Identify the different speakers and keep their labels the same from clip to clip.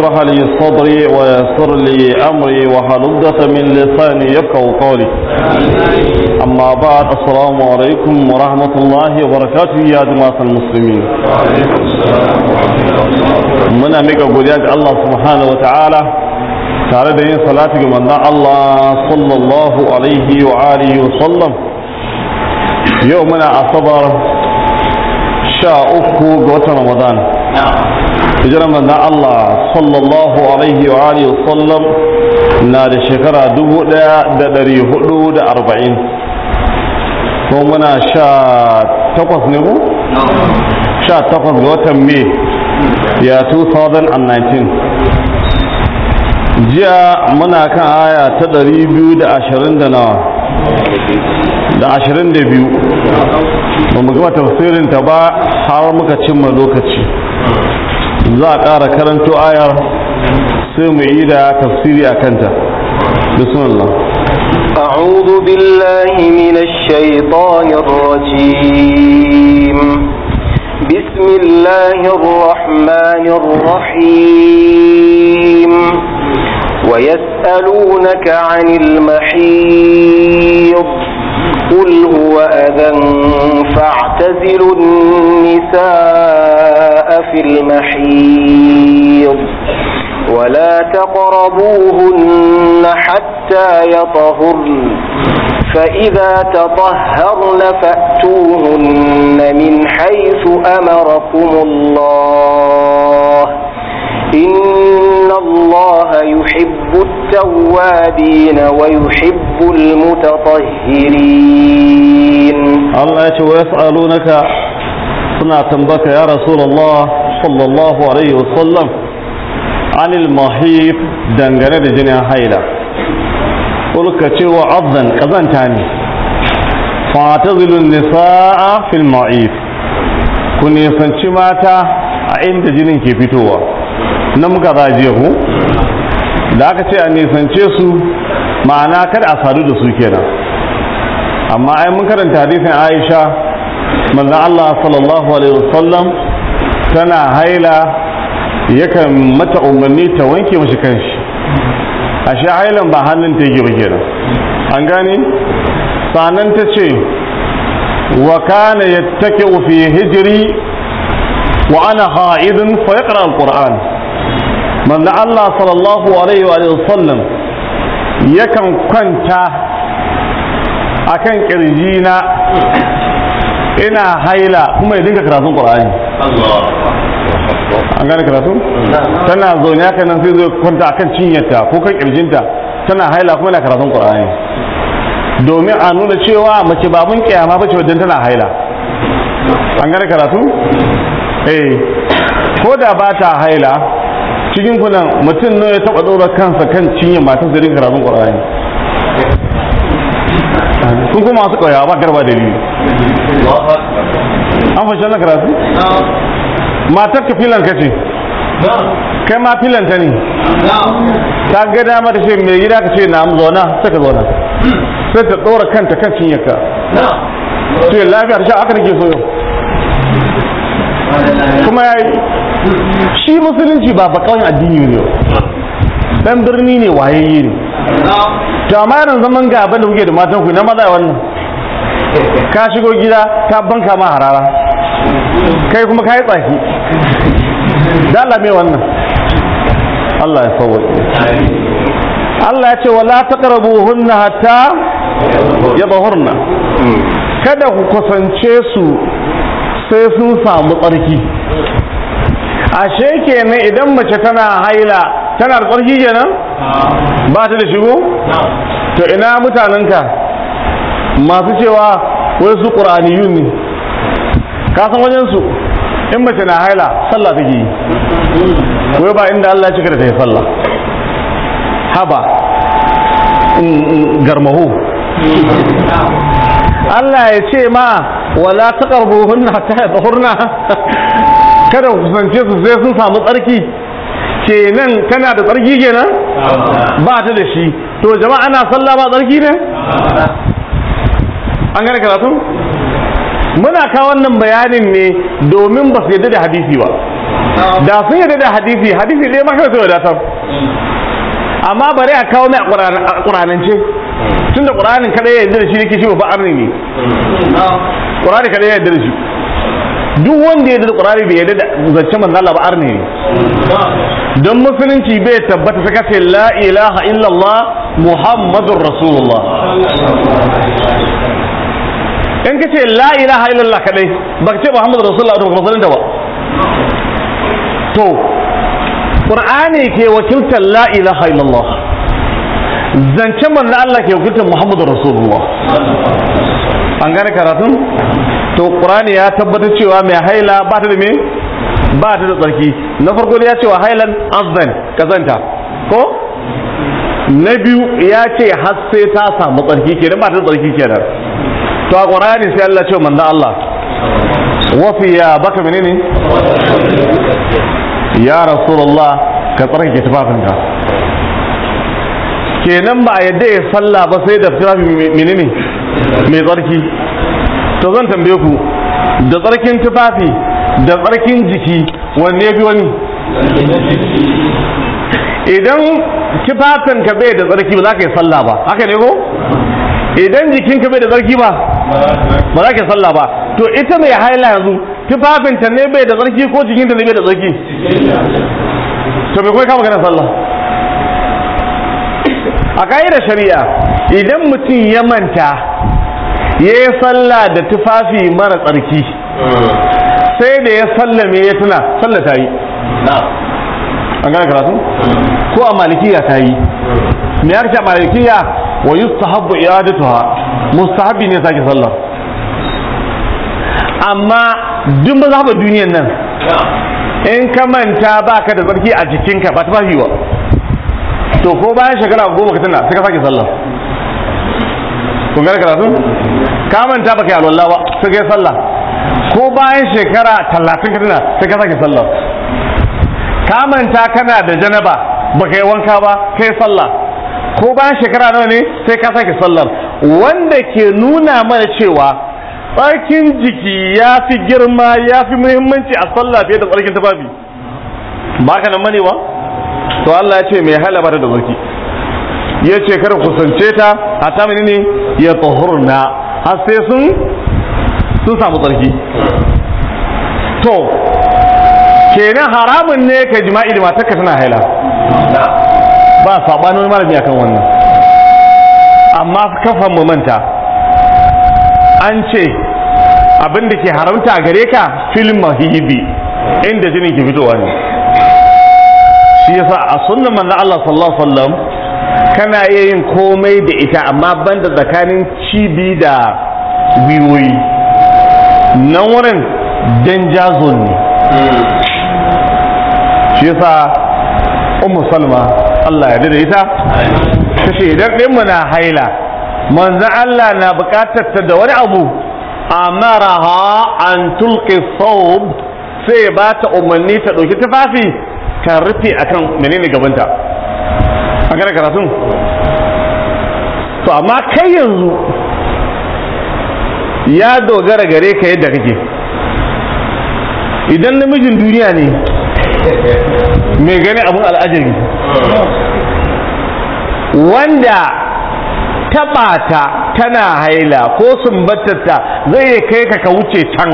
Speaker 1: اشرح لي صدري ويسر لي أمري وحلدة من لساني يفقه قولي أما بعد السلام عليكم ورحمة الله وبركاته يا جماعة المسلمين من أمك قدياج الله سبحانه وتعالى تعالى دين صلاتك من الله صلى الله عليه وآله وسلم يومنا أصبر شاء uku ga رمضان نعم. hijirar manzan Allah sallallahu alaihi wa alihi sallam na da shekara 1440 ko muna sha takwas ne ko? sha takwas ga watan mai ya 2019 jiya muna kan aya ta 220 da ashirin da biyu ba mu gama tafsirinta ba har muka cimma lokaci za a ƙara آية ayar sai mu yi da tafsiri a
Speaker 2: أعوذ بالله من الشيطان الرجيم بسم الله الرحمن الرحيم ويسألونك عن المحيض قل هو أذى فاعتزلوا النساء في المحيض ولا تقربوهن حتى يطهرن فإذا تطهرن فأتوهن من حيث أمركم الله إن الله يحب التوابين ويحب المتطهرين
Speaker 1: الله يسألونك صنع تنبك يا رسول الله صلى الله عليه وسلم عن المحيط دنجنة جنيا حيلة قلت شو عضا كذا تاني فاعتزل النساء في المعيف كن يسنشي ماتا عند جنين كي na muka ku da aka ce a nisance su ma'ana kada a sadu da su kenan amma ai mun karanta hadisin aisha manzo allah sallallahu alaihi wasallam tana haila yakan mata umarni ta wanke mishi kanshi a shi hailan ba hannun ta yi ba kenan an gani. sanan ta ce wa kana yattaki fi hijiri wa ana ha'idun fa yaqra alquran manzo Allah sallallahu alaihi wa sallam yakan kwanta akan kirji na ina haila kuma ya dinga karatun Qur'ani an gane karatu tana zaune haka nan sai zo kwanta akan cinyarta ko kan kirjinta tana haila kuma yana karatun Qur'ani domin a nuna cewa mace ba mun kiyama ba ce wajen tana haila an gane karatu eh ko da ba ta haila cikin kunan mutum ne ya taba tsoron kansa kan cinye matar zirin karatun qur'ani sun kuma masu ƙwaya ba garba da biyu an fashe na karatu matar ka filan ka ce kai ma filan ta ne ta ga dama ta ce mai gida ka ce na zauna ta ka zauna sai ta tsoron kanta kan cinye ka ce lafiya ta sha aka nake so yau kuma ya yi shi musulunci ba bakawin addini ne dan birni ne wayayye ne to amma zaman ga abin da kuke da matan ku na maza wannan ka shigo gida ta banka ma harara kai kuma ka yi tsaki dala mai wannan Allah ya sauwa Allah ya ce wala hunna hatta yadhurna kada ku kusance su sai sun samu tsarki ashe kenan idan mace tana haila tana da tsarki kenan ba ta da shigo to ina mutanenka masu cewa wai su ƙura'aniyun ne ka san in mace na haila sallah take yi wai ba inda Allah ya cika da ta yi sallah haba mm, mm, garmaho Allah ya ce ma wala ta taqrabuhunna hatta hurna kada ku kusance su sai sun samu tsarki ke nan tana da tsarki kenan ba ta da shi to jama'a ana sallah ba tsarki ne an gane karatu muna kawo wannan bayanin ne domin ba su yadda da hadisi ba da sun yadda da hadisi hadisi ɗaya ma kawai sai wadatar amma bari a kawo mai a ƙuranance tun da ƙuranin kaɗai ya yadda da shi ne shi ba arni ne ƙuranin kaɗai ya yadda da shi duk wanda ya da qur'ani bai yadda da zance manzo Allah ba arne ne don musulunci bai tabbata saka ce la ilaha illallah muhammadur rasulullah in ka ce la ilaha illallah kadai ba ka ce muhammadur rasulullah to ba musulunta ba to qur'ani ke wakiltar la ilaha illallah zance manzo Allah ke hukuntar Muhammadu Rasulullah an gane karatun to Qur'ani ya tabbatar cewa mai haila ba ta da me ba ta da tsarki na farko ya ce wa hailan azan kazanta ko na biyu ya ce har sai ta samu tsarki kenan ba ta da tsarki kenan to a Qur'ani sai Allah ce manzo Allah wafiya baka menene ya Rasulullah ka tsarkake tufafinka kenan ba a yadda ya salla ba sai da mini menene mai tsarki to zan tambaye ku da tsarkin tufafi da tsarkin jiki wanne ya fi wani idan tufafin ka bai da tsarki ba za ka yi salla ba haka ne ko idan jikin ka bai da tsarki ba ba za ka yi salla ba to ita mai haila yanzu tufafin ta ne bai da tsarki ko jikin ta ne bai da tsarki to bai kai kama magana sallah a ƙa'idar shari'a idan mutum ya manta ya yi sallah da tufafi mara tsarki sai da ya me ya tuna sallah ta yi an gane karatu ko a malikiya ta yi me ya a malikiya wa yustahabbu i'adatuha Mustahabi ne sake sallah amma duk mazhabar duniyar nan in ka manta ba ka da tsarki a jikinka ba ta ba to ko bayan shekara goma ka tana sai ka sake sallah kun gane karatu ka manta baka yi alwala ba sai ka sallah ko bayan shekara talatin ka tana sai ka sake sallah ka manta kana da janaba baka yi wanka ba yi sallah ko bayan shekara nawa ne sai ka sake sallah. wanda ke nuna mana cewa tsarkin jiki ya fi girma ya fi muhimmanci a sallah fiye da tsarkin tufafi ba ka nan manewa to Allah ya ce mai halaba da zaki ya ce kar kusance ta a ta ne ya tsohurna har sai sun sun samu tsarki to kenan haramun ne ka jima'i da matarka tana haila ba sabanin malami akan wannan amma kafan mu manta an ce abin da ke haramta gare ka filin mahibi inda jinin ke fitowa ne shi yasa a sunnan manzon Allah sallallahu alaihi wasallam kana iya yin komai da ita amma banda tsakanin cibi da wiwoyi nan wurin dan jazo ne shi yasa ummu salma Allah ya da ita tace idan din na haila manzon Allah na bukatar ta da wani abu amaraha an tulqi thawb sai ba ta umarni ta ɗauki tufafi Kan rufe a kan menene gabanta a gane karatun to amma kai yanzu ya dogara gare ka yadda kake idan namijin duniya ne mai gani abin al'ajari wanda taɓata tana haila ko sumbatarta zai kai ka ka wuce can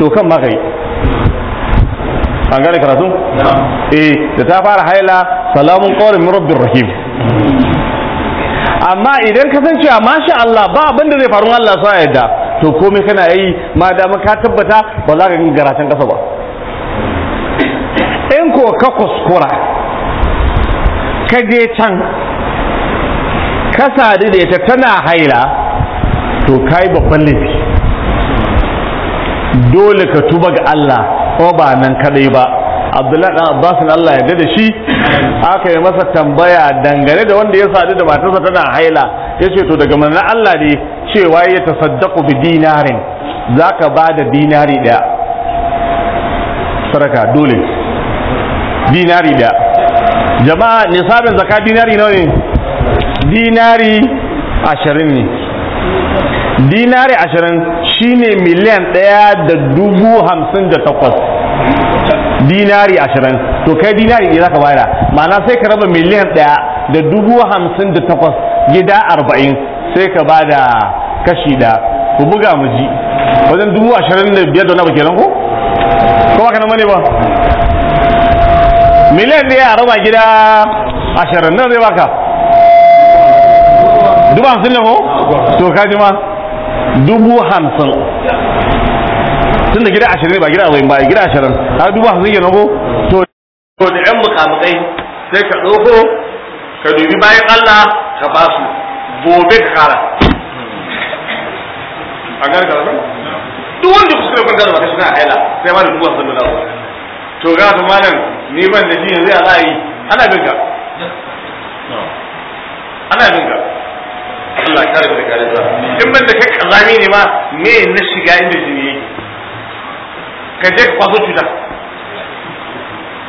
Speaker 1: to kan yi. an gane karatu eh da ta fara haila salamun qawlin min rabbir rahim amma idan ka san cewa masha Allah ba abin da zai faru Allah sa yadda to komai kana yi ma da ka tabbata ba za ka yi garatan kasa ba in ko ka kuskura ka je can ka sadu da ita tana haila to kai babban laifi dole ka tuba ga Allah ko ba nan kadai ba abdullahi dan abbas Allah ya da shi aka yi masa tambaya dangane da wanda ya sadu da matarsa tana haila yace to daga manzon Allah ne cewa ya tasaddaqu bi dinarin zaka ba da dinari daya saraka dole dinari daya jama'a nisabin zakat dinari nawa ne dinari ashirin ne dinari ashirin shine miliyan ɗaya da dubu hamsin da takwas dinari ashirin to kai dinari ne za ka bayar ma'ana sai ka raba miliyan ɗaya da dubu hamsin da takwas gida arba'in sai ka ba da kashi da ku buga mu ji wajen dubu ashirin da biyar da wani abu kenan ko ko ba ka nan ba miliyan ɗaya a raba gida ashirin nan zai baka dubu hamsin ne ko to ka ji ma dubu hamsin tun da gida ashirin ba gida arba'in ba gida ashirin a dubu hamsin ke nago to da yan mukamukai sai ka ɗauko ka dubi bayan allah ka ba su gobe ka kara a gane karatu duk wanda kuskure kun gano makashi na haila sai ba da dubu hamsin da to ga su malam ni ban da shi yanzu ya za yi ana bin ka ana bin ka Allah ya kare da karinsa in ban da kai kazami ne ma me na shiga inda jini yake ka je ka kwaso cuta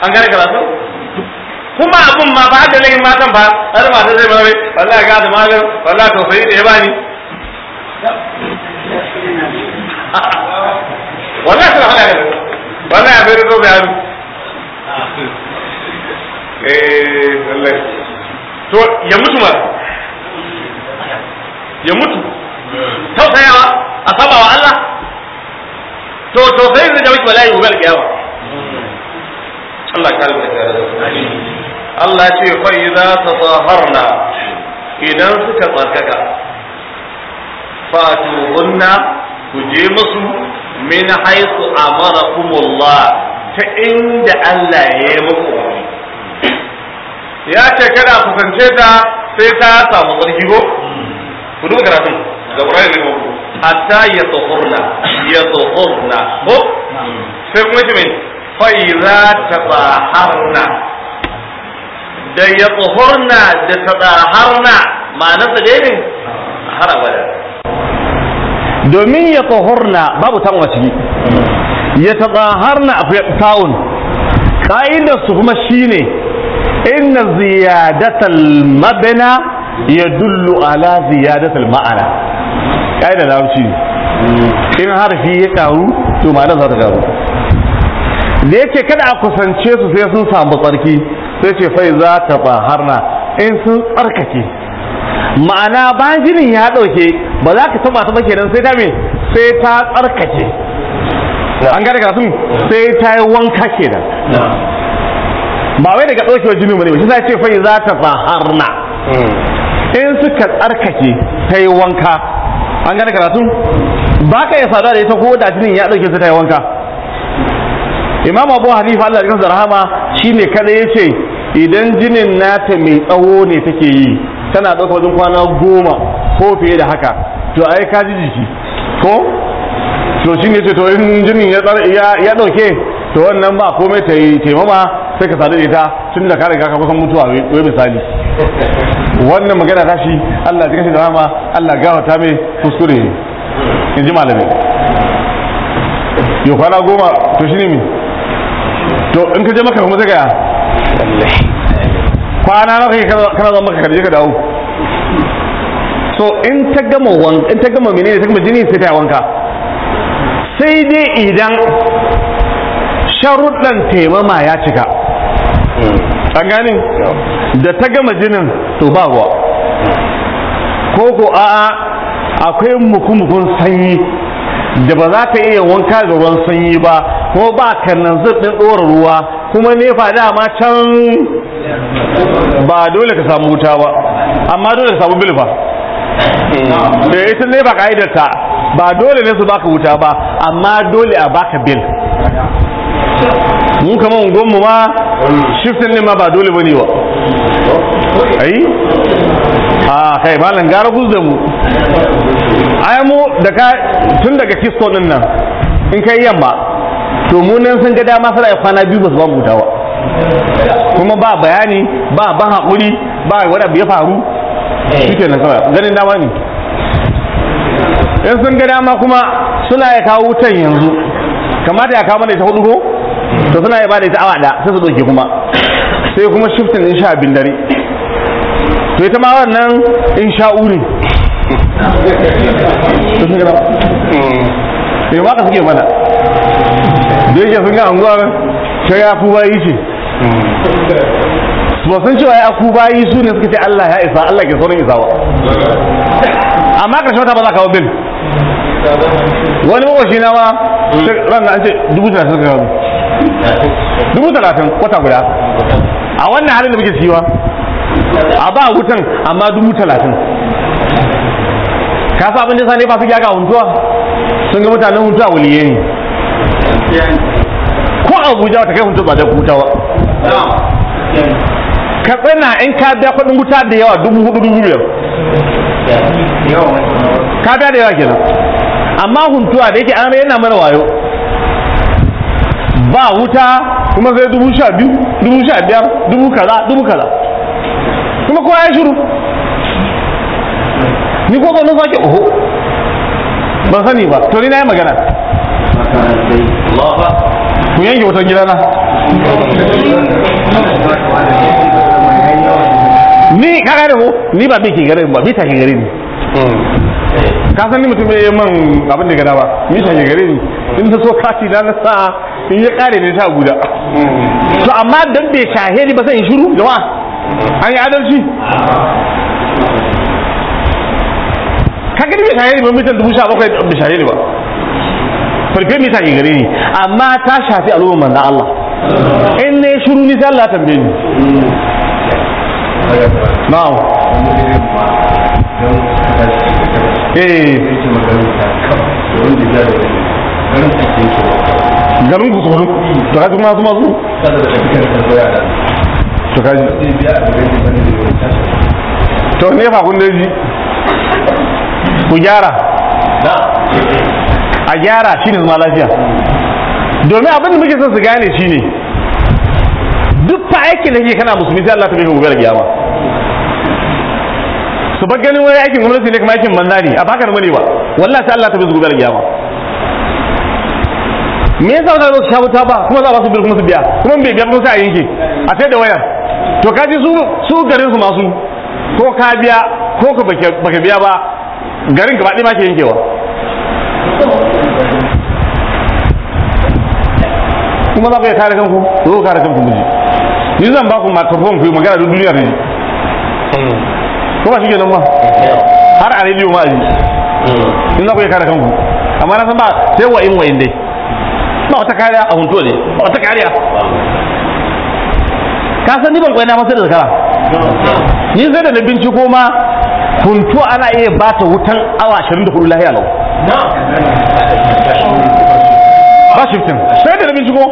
Speaker 1: an gane karatu kuma abun ma ba da lahin matan ba har ma ta zai ba mai wallahi ga da malam wallahi tausayi da ya bani wallahi suna hana ne wallahi a bai zo bai hannu eh wallahi to ya mutu ma ya mutu tausayawa a saba wa Allah to tausayin da wuce bala'i gobe alƙiyama Allah kare Allah ce fa idza tataharna idan suka tsarkaka fatuhunna ku je musu min haythu amarakumullah ta inda Allah ya yi muku ya ce kada kusance ta sai ta samu tsarki ko ku duba karatun zaura ne ko hatta ya tsohurna ya tsohurna ko sai kuma shi mai fa'iza ta tabaharna da ya tsohurna da ta tabaharna ma'anarsa dai ne har abada domin ya tsohurna babu tan tanwa ciki ya ta tabaharna akwai ta'un ƙa'idarsu kuma shine inna ziyadatal mabna Ya yadullu ala ziyadatul ma'ana kaida larabci in harfi ya karu to ma'ana za ta karu da yake kada a kusance su sai sun samu tsarki sai ce fai za ta baharna in sun tsarkake ma'ana jinin ya dauke ba za ka taba ta kenan sai ta me sai ta tsarkake an gane karatun sai ta yi wanka kenan ba wai daga ɗaukewar jini ba ne ba shi sai ce fai za ta baharna hmm. in suka tsarkake ta yi wanka an gane karatu ba ka iya sada da ita ko da jinin ya ɗauke su ta yi wanka imam abu hanifa allah da rahama ne kada ya ce idan jinin nata mai tsawo ne take yi tana ɗauka wajen kwana goma ko fiye da haka to ai ka ji jiki ko to shi ne ce to in jinin ya ɗauke to wannan ba komai ta taimama sai ka sadu da ita tun da kare riga ka kusan mutuwa wai misali wannan magana ta shi Allah ya kashi da rama Allah gawata mai kuskure in ji malamai yau kwana goma to shi ne mi to in ka je maka kuma zagaya kwana na kai kana zama maka karje ka dawo so in ta gama wanka in ta gama menene ta gama jini sai ta wanka sai dai idan sharuɗan taimama ya cika an gane da ta gama jinin to ba ruwa ko ko a'a akwai mukumukun sanyi da ba za ta iya wanka da ruwan sanyi ba ko ba kannan ɗin ɗora ruwa kuma da ma can ba dole ka samu wuta ba amma dole ka samu bilfa da eh, ita nefa ka'idarta ba dole ne su baka wuta ba amma dole a baka bil mu kama unguwanmu ma shiftin ne ma ba dole bane ba ai a kai malam gara buz da mu ai mu daga tun daga kisto din nan in kai yamma to mu nan sun ga dama sai kwana biyu ba su ba mu dawa kuma ba bayani ba ba hakuri ba wanda bai faru shike nan kawai ganin dama ne in sun ga dama kuma suna ya kawo wutan yanzu kamata ya kawo mana ita hudu ko to suna ba ita awa da sai su doke kuma sai kuma shiftin in sha abin dare to ita ma wannan in sha uri sai ba ka suke mana da yake sun ga anguwa ta ya fi bayi ce ba sun cewa ya ku bayi su ne suka ce Allah ya isa Allah ke sauran isa ba amma karshe wata ba za ka wabin wani mawashi na ma ranar an ce dubu suka dubu talatin kwata guda a wannan halin da muke ciwa a ba wutan amma dubu talatin ka sa abin da sani ba su gyaga huntuwa sun ga mutanen huntuwa wuliye ne ko abuja ta kai huntuwa ba da ba ka tsina in ka biya kudin wuta da yawa dubu hudu dubu biyar ka biya da yawa kenan amma huntuwa da yake an yana mara wayo ba wuta kuma sai dubu sha biyu dubu sha biyar dubu kaza dubu kaza kuma kowa ya shuru ni ko zo na sake oho ba sani ba tori na yi magana ku yanke gida na ni ka da ko ni ba bi ke gare ba bi ta ke gare ni ka san ni mutum ya yi man abin da gada ba ni ta ke gare ni in ta so kati da na sa in ya kare ne ta guda to amma dan bai shahe ni ba zan yi shiru jama'a an yi adalci ka gani bai shahe ni ba mutum dubu sha bakwai bai shahe ni ba farfe mai sa gare ni amma ta shafi al'ummar manzan Allah in ne shiru ni sai Allah tambaye ni na'am eh Ganin ku tsoro da kaji masu masu to kaji to ne fa kun daji ku gyara a gyara shi ne zama lafiya domin abin da muke son su gane shi ne duk fa aikin da ke kana musulmi sai Allah ta bai gobe da gyama su bar ganin wani aikin gwamnati ne kuma aikin banza ne a baka da mune ba wallahi sai Allah ta bai gobe da gyama me yasa mutane su sha ta ba kuma za a basu bil su biya kuma bai biya kuma sai a yanke a sai da waya to kaji su su garin su masu ko ka biya ko ka baka biya ba garin gaba ɗaya ma ke yankewa kuma za ka yi kare kanku ku ka kare kanku miji ni zan ba ku microphone ku yi magana duk duniya ne ko ba shi nan ba har a rediyo ma a ji mm. in ku kare kanku amma na san ba sai wa'in wa'in dai wata kariya a hunto ne wata kariya ka san ni ban koyi na masu da zakara ni sai da na binciko ma hunto ana iya ba ta wutan awa 24 lahiya lau ba fitin sai da na binciko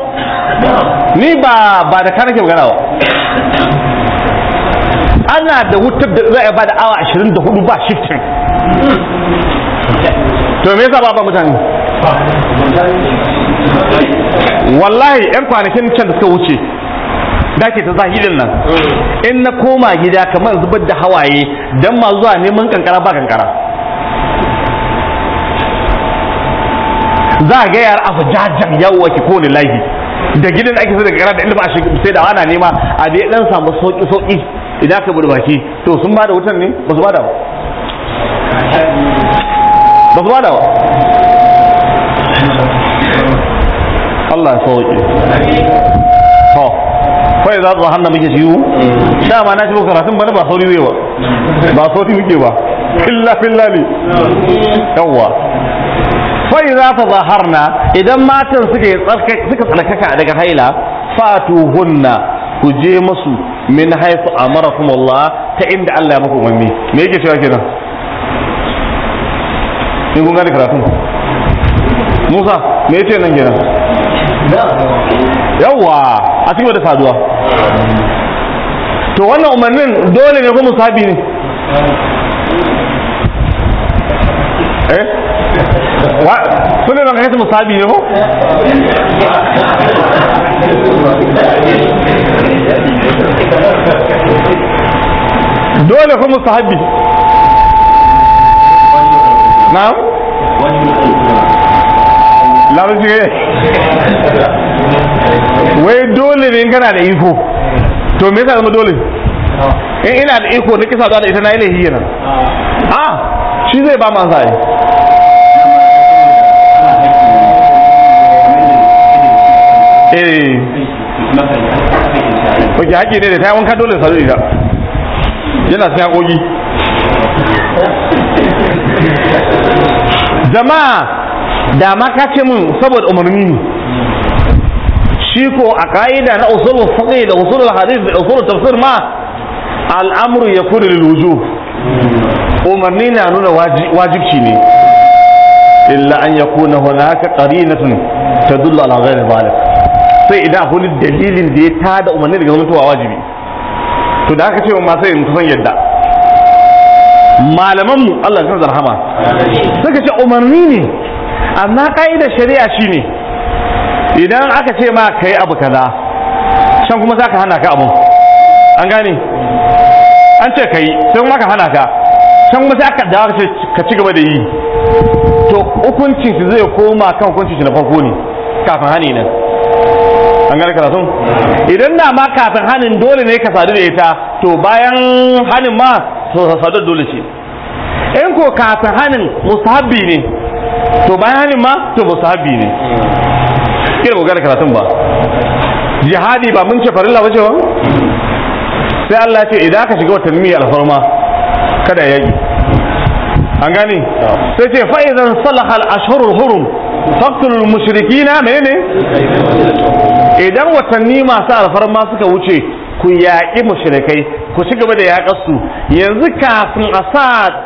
Speaker 1: ni ba ba da kanake magana ba ana da wutar da za a ba da awa 24 ba shiftin to me yasa ba ba mutane wallahi yan kwanakin can da suka wuce dake ta zahirin nan in na koma gida kamar zubar da hawaye dan ma zuwa neman kankara ba kankara za a ga yara abu jajjan yawa ki kone lahi da gidan ake sai da kankara da ilimin ashe sai da ana nema a da dan samu sauki sauki idan ka bude baki to sun bada wutan ne ba su da ba ba su da ba Allah ya sauke to kai za zuwa hannu muke ciwo dama na ci ba karatun bane ba sauri wewa ba sauri muke ba illa fillali Yawa. fai za ta zaharna idan matan suka tsarkaka daga haila hunna ku je masu min haifu amarakum Allah ta inda Allah ya muku umarni me yake cewa kenan in kun gane karatun Musa me yake nan kenan yawwa a cikin da saduwa to wannan umarnin dole ne kuma sabi ne eh sunan nan kai musabi ne ko dole kuma musahabi Na. larabci ne wai dole ne kana da iko to me yasa zama dole in ina da iko ni kisa da ita na yi lahiya nan a shi zai ba man sai eh Oke haƙi ne da ta yi wanka dole sa zai yana sai haƙoƙi jama'a da ma ka ce mun saboda umarni ne shi ko a ka'ida na usulul fiqh da usulul hadith da usulul tafsir ma al'amru yakunu lil wujub umarni na nuna wajibci ne illa an yakuna hunaka qarinatun tadullu ala ghayri zalik sai idan akwai dalilin da ya tada umarni daga zamantowa wajibi to da aka ce wa masu yin kusan yadda malamanmu Allah ya rahama suka ce umarni ne amma ka'idar shari'a shine idan aka ce ma kai abu kaza can kuma zaka hana ka abu an gane an ce kai sai kuma ka hana ka can kuma sai aka dawo ka ci gaba da yi to hukuncin shi zai koma kan hukuncin shi na farko ne kafin hani nan an gane karatun idan na ma kafin hanin dole ne ka sadu da ita to bayan hanin ma to sadu dole ce in ko kafin hanin musabbi ne to bayanin ma to ba musahabi ne kira ko gara karatun ba jihadi ba mun ce farilla ba ce ba sai Allah ce idan aka shiga wata miya alfarma kada ya yi an gani. sai ce fa'izan salaha al-ashhurul hurum faqtulul mushrikina menene idan watanni masu alfarma suka wuce ku yaƙi mushrikai ku ci gaba da yaƙarsu. yanzu kafin a sa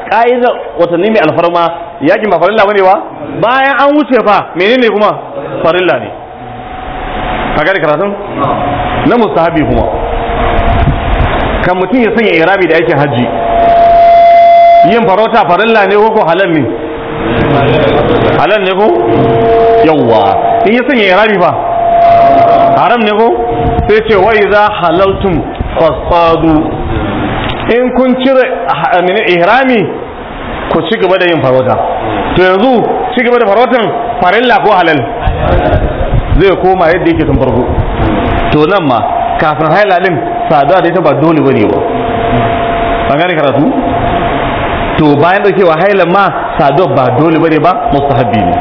Speaker 1: ƙa'idar watanni mai alfarma yakin ba farilla bane ba bayan an wuce fa menene kuma farilla ne ka gari karatun na mustahabi kuma kan mutum ya sanya irabi da aikin hajji yin farauta farilla ne ko halal ne halal ne ko yawwa in ya sanya irabi ba haram ne ko sai ce wa za halaltum fasadu in kun cire ihrami ku ci gaba da yin farauta to yanzu ci gaba da farautan farilla ko halal zai koma yadda yake tun farko to nan ma kafin halalin saduwa da ita ba dole bane ba an gane karatu to bayan wa halal ma saduwa ba dole bane ba mustahabbi ne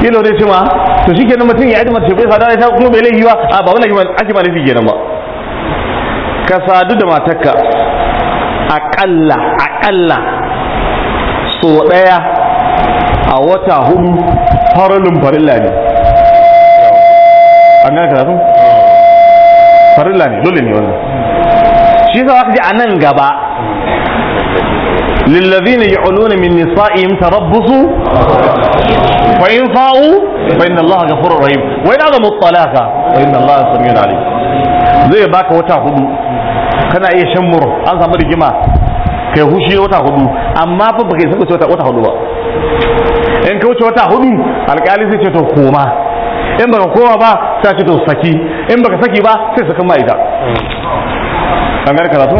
Speaker 1: kilo dai ce ma to shikenan mutum ya adama ce bai saduwa ita kuma bai laifi ba a ba wannan ake ma nufi kenan ba ka sadu da matarka aƙalla aƙalla so ɗaya a wata hudu faralin farilla ne an gane karatun farilla ne dole ne wannan shi yasa aka ji a nan gaba للذين يعلون من نسائهم تربصوا فإن فاؤوا فإن الله غفور رحيم وإن عدموا الطلاق فإن الله سميع عليم zai baka wata huɗu kana iya shan muro an rigima kai hushi wata hudu amma fa ba kai wuce wata hudu ba in ka wuce wata hudu alƙali zai ce to koma in baka koma ba sai ce to saki in baka saki ba sai sakan ma'aita an gane karatu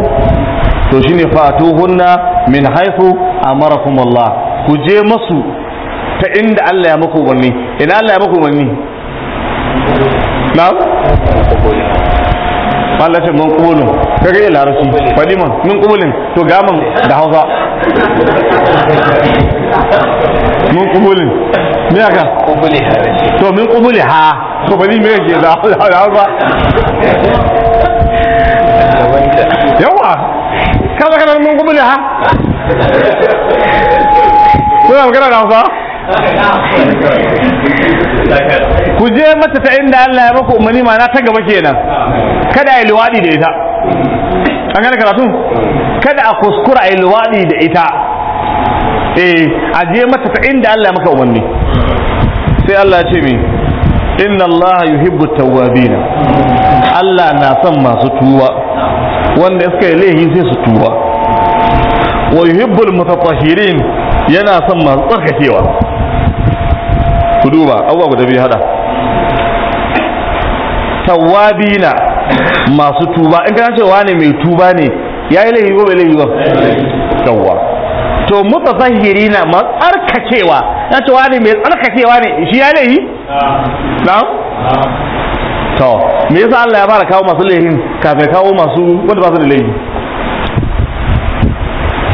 Speaker 1: to shine fatuhunna min haifu amarakum Allah ku je masu ta inda Allah ya muku wani ina Allah ya muku wani na'am Allah ce mun kubulin ka ga larabci faɗi man mun kubulin to gaman da hausa mun kubulin me aka to mun kubuli ha to faɗi me yake da hausa yawa ka kana mun kubuli ha kuna magana da hausa ku je mata ta inda Allah ya maku umarni ma'ana ta gaba kenan kada a yi luwaɗi da ita an gane karatu kada a kuskura a yi luwaɗi da ita eh a je mata ta inda Allah ya maka umarni sai Allah ya ce mi inna Allah yuhibbu tawwabin Allah na son masu tuwa wanda suka yi laifi sai su tuwa wa yuhibbul mutatahhirin yana son masu tsarkakewa ku duba abubuwa guda biyu hada na masu tuba in kana cewa ne mai tuba ne ya yi laifi ko bai laifi ba yawwa to na masu tsarkakewa na cewa ne mai tsarkakewa ne shi ya laifi Na? to me yasa Allah ya fara kawo masu laifin kafin kawo masu wanda ba su da laifi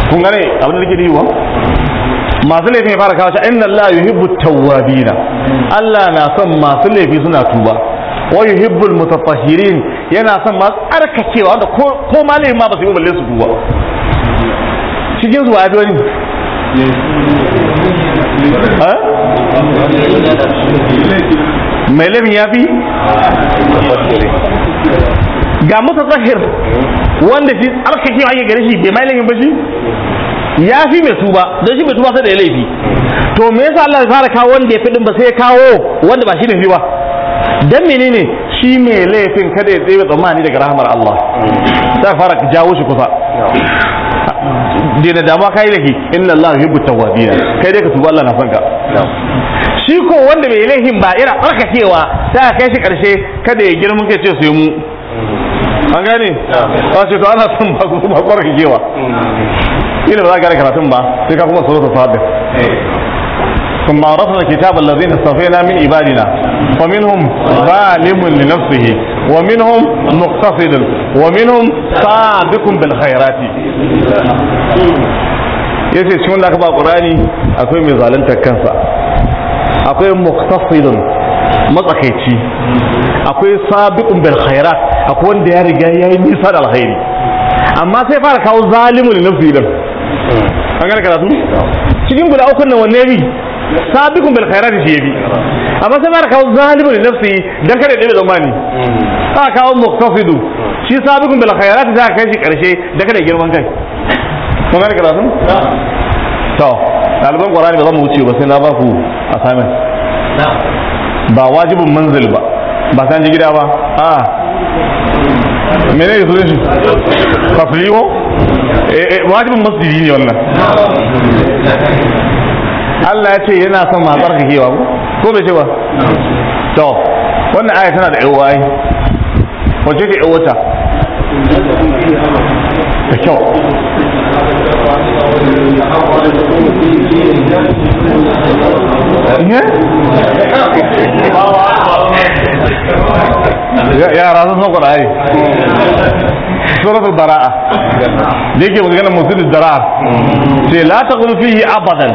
Speaker 1: kun gane abin da nake yi wa masu laifin ya fara kawo shi inna Allah yuhibbu tawwabina Allah na son masu laifi suna tuba wa yuhibbu mutatahhirin yana son masu tsarkakewa wanda ko ma malamin ma ba su yi balle su tuba cikin su wabi wani mai laifin ya fi ga mutatahhir wanda shi tsarkakewa ya gare shi bai mai laifin ba shi ya fi mai tuba don shi mai tuba sai da ya laifi to me yasa Allah ya fara kawo wanda ya fi din ba sai ya kawo wanda ba shi ne fi ba dan menene shi mai laifin kada ya tsaye tsammani daga rahmar Allah sai fara jawo shi kusa dina dama kai laifi inna Allah yuhibbu tawwabin kai dai ka tuba Allah na fanka shi ko wanda mai laifin ba ira cewa, sai kai shi karshe kada ya girma kai ce su yi mu an gane ba ce to ana son ba kila ba za ka gane karatun ba sai ka kuma suratu na ثم عرفنا كتاب الذين استفينا من عبادنا فمنهم ظالم لنفسه ومنهم مقتصد ومنهم سابق بالخيرات yace shi wanda aka ba qur'ani akwai mai zalunta kansa akwai muqtasidun matsakaici akwai sabiqun bil khairat akwai wanda ya riga yayi nisa da alkhairi amma sai fara kawo zalimun nafsi din an gane karatu cikin guda ukun nan wanne bi sabiqun bil khairati shi yabi amma sai mara kawo zalibun nafsi dan kada da zamani ka kawo muqtasidu shi sabiqun bil khairati za ka kai shi karshe da kada girman kai kun gane karatu to ɗaliban ƙwararri ba za mu wuce ba sai na ba ku assignment ba wajibin manzil ba ba san ji gida ba a mene ne su shi tafliwo Eh, eh, wajibin masjidi ne wannan Allah ya ce yana son masu tsarkakewa ko bai ce ba to wannan aya tana da yawa yi wace ce yawata da kyau يا يا راضي نقول هاي سورة البراءة ليك بقينا مسجد الدرار في لا تقول فيه أبدا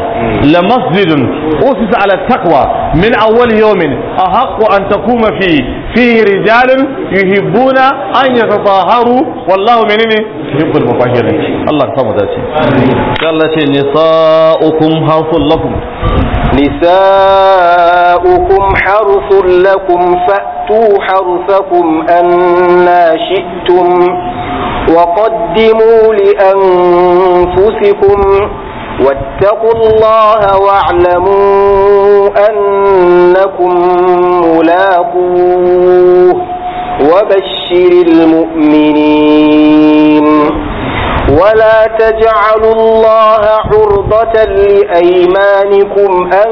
Speaker 1: لمسجد أسس على التقوى من أول يوم أحق أن تقوم فيه فيه رجال يحبون أن يتطهروا والله منني يحب المطهرين الله يرحمه ذاتي
Speaker 2: قال نساؤكم حرث لكم نساؤكم حرث لكم فأتوا حرثكم أنا شئتم وقدموا لأنفسكم واتقوا الله واعلموا أنكم ملاقوه وبشر المؤمنين ولا تجعلوا الله عرضة لأيمانكم أن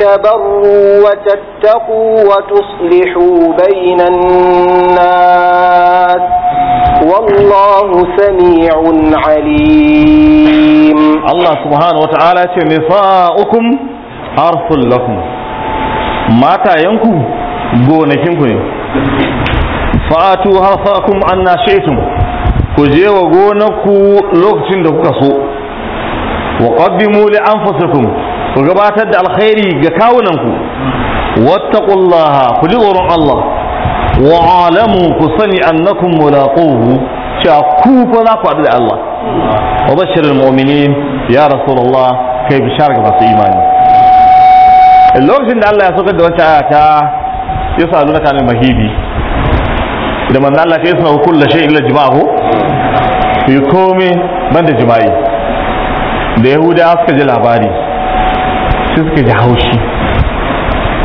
Speaker 2: تبروا وتتقوا وتصلحوا بين الناس والله سميع عليم
Speaker 1: الله سبحانه وتعالى نفاؤكم أرث لكم ما تعينكم قونكم فآتوا هرفاكم أن شئتم ku je wa gonaku lokacin da kuka so wa qaddimu li anfusikum ku gabatar da alkhairi ga kawunanku wattaqullaha ku ji tsoron Allah wa alamu ku sani annakum mulaquhu cha ku fa za ku da Allah wa bashirin mu'minin ya rasulullah kai bishar ga masu imani lokacin da Allah ya saukar da wancan aya ta ya sa lura kanin mahibi da manzo Allah ya sanar kullu shay'in la jima'ahu su yi ban banda jima'i da yahudawa suka ji labari sai suka ji haushi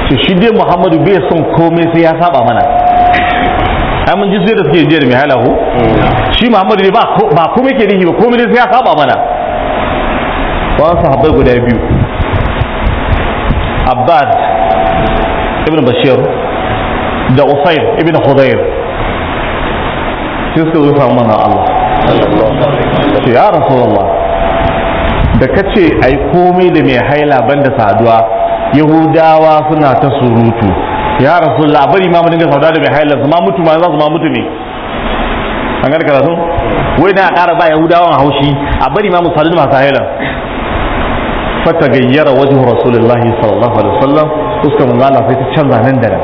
Speaker 1: su shi dai muhammadu bai son komai sai ya saba mana ai mun ji sai da suke jiyar mai halahu shi muhammadu ne ba komai ke rihi ba komai sai ya saba mana ba su haɓar guda biyu abbad ibn bashir da usair ibn hudayr sai suka zo samu mana allah ce ya rasulullah da ka ce ai komai da mai haila banda saduwa yahudawa suna ta surutu ya rasulullah bari ma mu dinga saduwa da mai haila su ma mutu ma za su ma mutu ne an gani karatu wai na ƙara ba a haushi a bari ma mu sadu masu haila fata gayyara wajen rasulullahi sallallahu alaihi wasallam fuskar manzo Allah sai ta canza nan da nan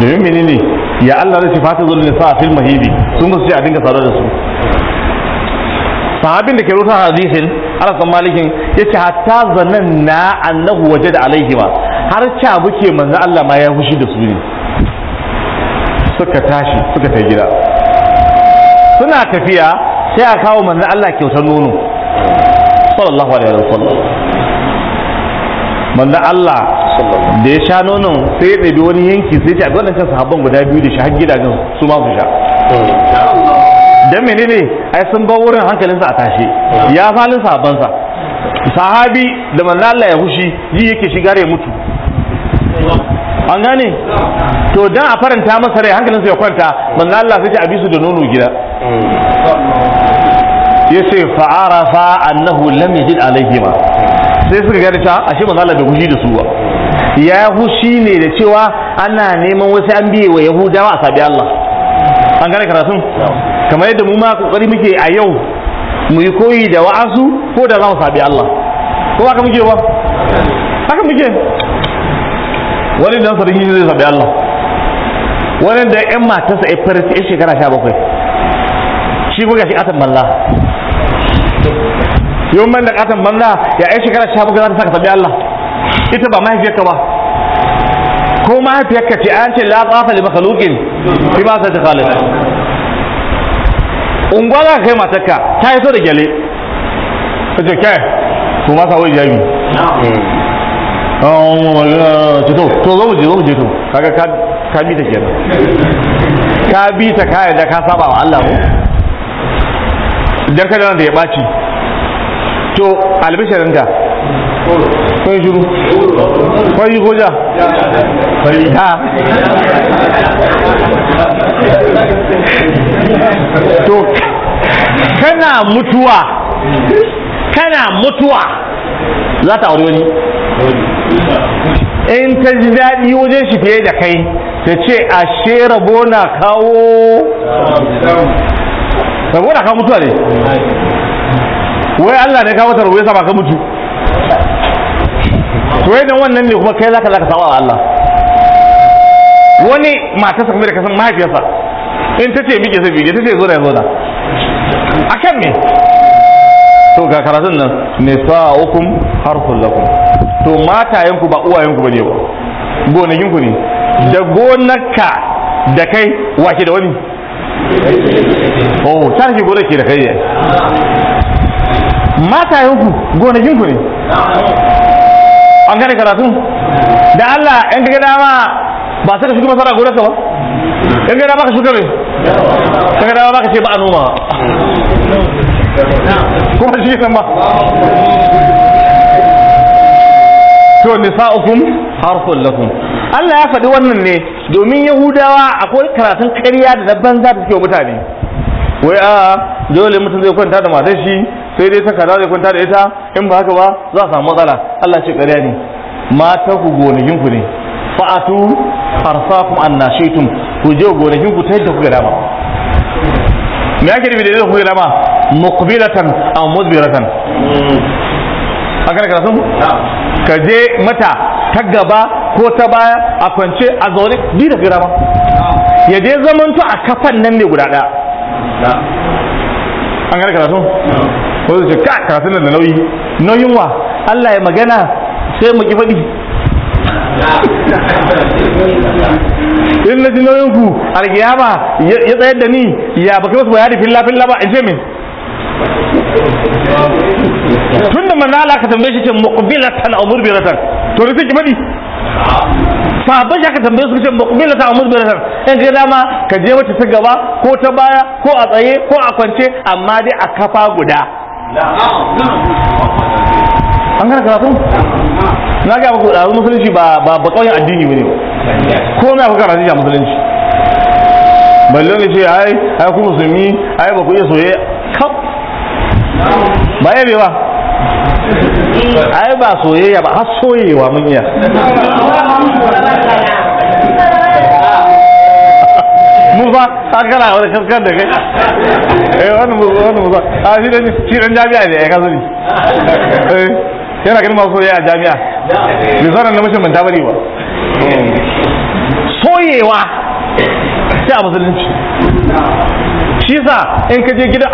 Speaker 1: domin menene ya Allah zai ce fata zuwa sa a fil mahidi sun ga su ce a dinga saduwa da su sahabin da ke rusa hadisin anas malikin, ya ce hatta na annahu alaihi alaihima har ca muke manzan Allah ma ya fushi da su ne suka tashi suka ta gida suna tafiya sai a kawo manzan Allah kyautar nono sallallahu alaihi sallam manzan Allah da ya sha nonon sai ya ɗabi wani yanki sai ya ce a waɗancan sahabban guda biyu da shi har gidajen su ma su sha
Speaker 3: hmm.
Speaker 1: dan menene ai sun bar wurin hankalinsa a tashi ya falin sa sahabi da manzo Allah ya hushi yi yake shiga ya mutu an gane to dan a faranta masa rai hankalinsa ya kwanta manzo Allah sai ya abi su da nono gida yace arafa annahu lam yajid ma sai suka gane ta ashe manzo Allah bai hushi da su ba ya hushi ne da cewa ana neman wasu an biye wa yahudawa a sabi Allah an gane karatun kamar yadda mu ma kokari muke a yau mu yi koyi da wa'azu ko da za mu sabi Allah ko haka muke ba haka muke wani dan sarki ne zai sabi Allah wani da yan matarsa ya farce ya shekara 17 shi ko shi atan malla yau man da atan banza ya ai shekara 17 za ta saka sabi Allah ita ba mahaifiyarka ba ko mahaifiyarka ce an ce la tsafa li makhluqin fi ma sa ta khaliq unguwa za ka kai matarka ta yi so da gyale ta ce kai to ma sa wai jami ah, to to zo mu je zo mu je to kaga ka bi ta kenan ka bi ta ka da ka saba wa Allah ko idan ka da ya ɓaci to albishirin ka kwai shuru kwai yi koja kwai ha to kana mutuwa kana mutuwa za ta auri wani in ta ji daɗi wajen shi fiye da kai ta ce a shera na kawo rabo na kawo mutuwa ne wai Allah ne kawo ta rabo ya saba ka mutu to wai don wannan ne kuma kai zaka zaka saba Allah wani matarsa kuma da kasan mahaifiyarsa in ta ce miƙe sai bige ta ce zura zura a kan me to ga karatun nan hukum harfun lakum to matayenku ba uwayenku ba ne ba gonakinku ne da gonaka da kai wake da wani oh ta ke gona ke da kai ne matayenku gonakinku ne an gane karatun da Allah in ka ga dama ba sai ka shuka masara ka ba in ga dama ka shuka mai kaga dawa baka ce ba a noma kuma shi nan ba to nisa'ukum harfun lakum Allah ya faɗi wannan ne domin Yahudawa akwai karatun ƙarya da na banza da suke mutane wai a dole mutum zai kwanta da matar shi sai dai ta zai kwanta da ita in ba haka ba za a samu matsala Allah ce ƙarya ne mata ku gonakin ku ne fa'atu harsakum annashitum ku je gonakin ku ta ku kuka dama me ake nufi da ku kuka dama muqbilatan aw mudbiratan akan karatun ka je mata ta gaba ko ta baya a kwance a zaune bi da dama ya je zamanto a kafan nan ne guda daya an gane karatun ko su ce ka karatun nan da nauyi nauyin wa Allah ya magana sai mu ki faɗi in na ji nauyin ku alkiyama ya tsayar da ni ya baka musu bayani filla filla ba in ce min Tun manzo Allah ka tambaye shi ce muqbilatan aw mudbiratan to ne sai ki Fa sahabban shi aka tambaye su ce mukmila ta amur bai rasar in ga dama ka je wacce ta gaba ko ta baya ko a tsaye ko a kwance amma dai a kafa guda an kana karatu na ga muku ɗazu musulunci ba ba ba tsoyin addini bane ko me aka karatu ya musulunci balle ne ce ai ai ku musulmi ai ba ku iya soye kap ba yabe ba ai ba soyayya ba har soyewa mun iya mu fa an kana wani kaskar da kai eh wani mu wani mu a ah, shi dan jami'a ne ya kasani eh yana ganin masu soyayya a jami'a mai zanen na mashin manta bari ba soyewa sai a musulunci shi sa in ka je gida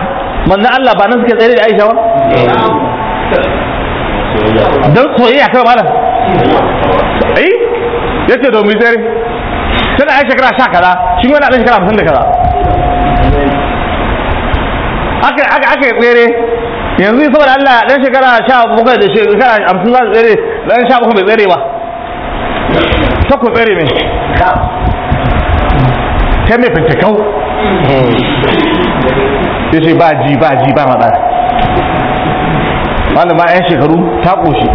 Speaker 1: manna Allah ba nan suke tsaye da Aisha ba don soyayya kawai malam eh yace domin sai da aisha kira sha kaza shi wani ɗan shekara hamsin da kaza aka aka aka tsere yanzu saboda Allah dan shekara sha bakwai da shekara hamsin za su tsere dan sha bakwai bai tsere ba ku tsere ne ta mai fintakau ya ce ba ji ba ji ba wanda malama yan shekaru ta ƙoshi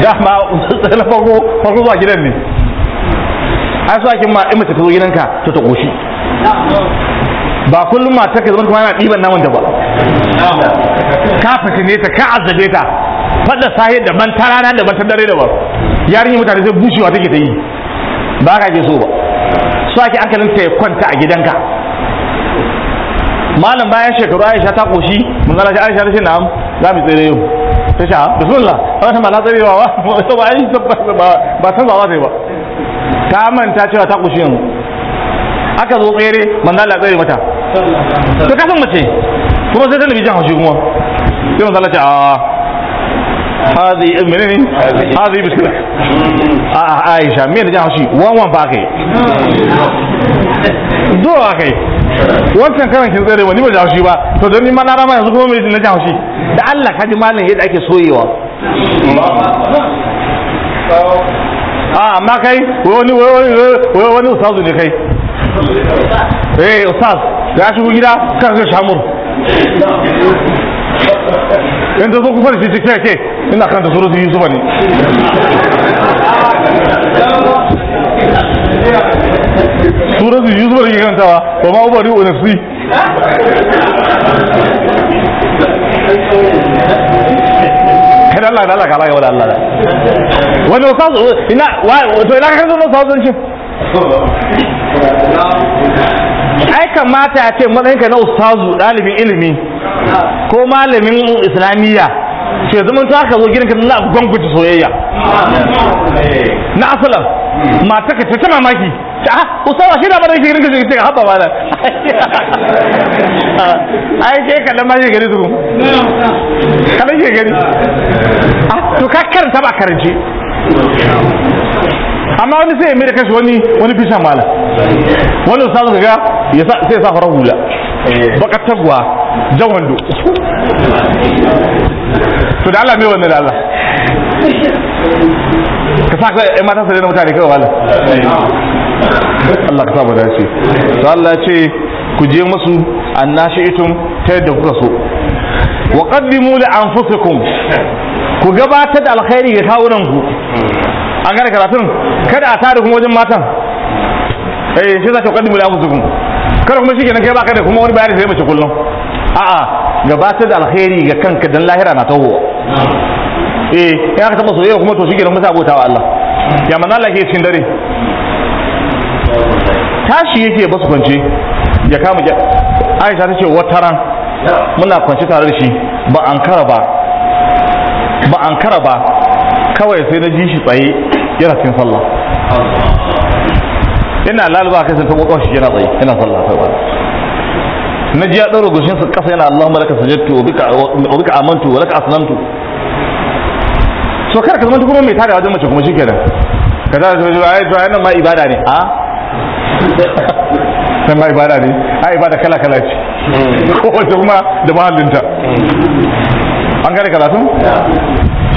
Speaker 1: dama tsala farko farko zuwa gidan ne an sa kin ma in ta zo gidanka ta ta ƙoshi ba kullum mata ka zama kuma yana ɗiban naman da ba ka fitine ta ka azabe ta fada sahi da ban ta rana da ban ta dare da ba Yarinyar mutane sai bushewa take ta yi ba ka ke so ba su ake hankalin ta ya kwanta a gidanka malam bayan shekaru aisha ta koshi mun zala aisha ta ce na'am za mu tsere yau ta sha bismillah ba ta mala ba ba ba ba ba ta ba ba ta manta cewa ta koshi aka zo tsere manzo Allah tsere mata to kasan mace kuma sai ta jan jin kuma sai manzo Allah ce a هذه منين هذه مشكلة عائشة مين جاء شيء وان وان باقي دو باقي wancan karan kin tsere wani ba jawo shi ba to don ma na rama yanzu kuma mai na jan shi da Allah kaji malin yadda ake soyewa a ah, amma kai wani wani wani ne kai eh ustaz ya shigo gida kan ka shamur in ta zo kusa da shi cikin ke ina kan da suru su yi zuba ne suru su yi zuba ne kantawa ba ma ubari o Allah da Allah ka baka wala Allah wani wasu ina wato ina kan zo na sazon shi ai kamata a ce matsayinka na ustazu ɗalibin ilimi ko malamin islamiyya ce zaman ta ka zo ka na gwangwace soyayya na asalan mata ka ta mamaki ta ah, ustawa shi na bada shi ka shi ka haɓa bada ai ke kallon ma shi gari tukun kallon shi gari ah, to ka karanta ba karance amma wani sai ya mai da kashi wani wani bishan mala wani ustazin ga sai ya sa farar hula eh. baka tagwa jan wando to da Allah mai wannan da Allah ka sa ka yan mata na mutane kawai wala Allah ka sa mu dace to Allah ce ku je musu annashi'itum ta yadda kuka so wa qaddimu li anfusikum ku gabatar da alkhairi ga kawunan ku an gane karatun kada a tare kuma wajen matan eh shi za ka mu da musu kada kuma shi kenan kai baka da kuma wani bayani sai mace kullum a'a gabatar da alkhairi ga kanka dan lahira na tawo eh ya ka taba soyayya kuma to shi kenan musa abota wa Allah ya manna Allah ke cin dare tashi yake basu kwance ya kama Aisha ta ce wataran muna kwance tare da shi ba an kara ba ba an kara ba kawai sai na ji shi tsaye yana cikin sallah ina laluba kai sun tabo kawashi yana tsaye yana sallah ta ba na ji ya ɗaura gushin su ƙasa yana Allahumma laka sajadtu wa bika amantu wa laka aslamtu so kar ka zamanta kuma mai tada wajen mace kuma shikenan ka tada ta wajen ayyatu ayyana ma ibada ne a ah? sai ma ibada ne a ah, ibada kala kala ce Ko hmm. kowace kuma da mahallinta hmm. an gane karatu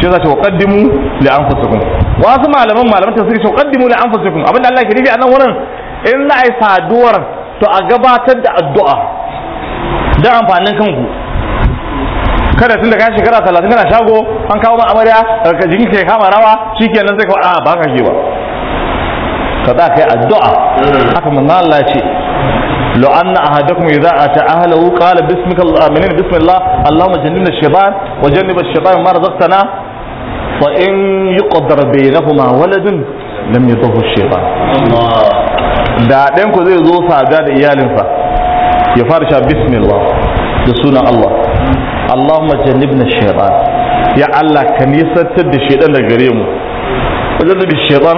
Speaker 1: shi za ta wa kaddimu da an fusa kuma wasu malaman malaman ta suka ce qaddimu li anfusikum abinda Allah ke nufi a nan wurin in za a yi saduwar to a gabatar da addu'a don amfanin kanku kada tun da ka shekara talatin kana shago an kawo ma amarya daga jikin ke kama rawa shi nan zai kawo a ba ka ba. ka za ka yi addu'a haka manzo Allah ce لو أن أحدكم إذا أتى ta قال بسمك الله من بسم الله اللهم جنبنا الشيطان وجنب الشيطان mara zartana فإن يقدر بينهما ولد لم يضره الشيطان da ɗan ku zai zo saga da iyalinsa ya fara sha bismillah da sunan Allah Allahumma jannibna shaytan ya Allah ka nisantar da shaytan da gare mu jannibna shaytan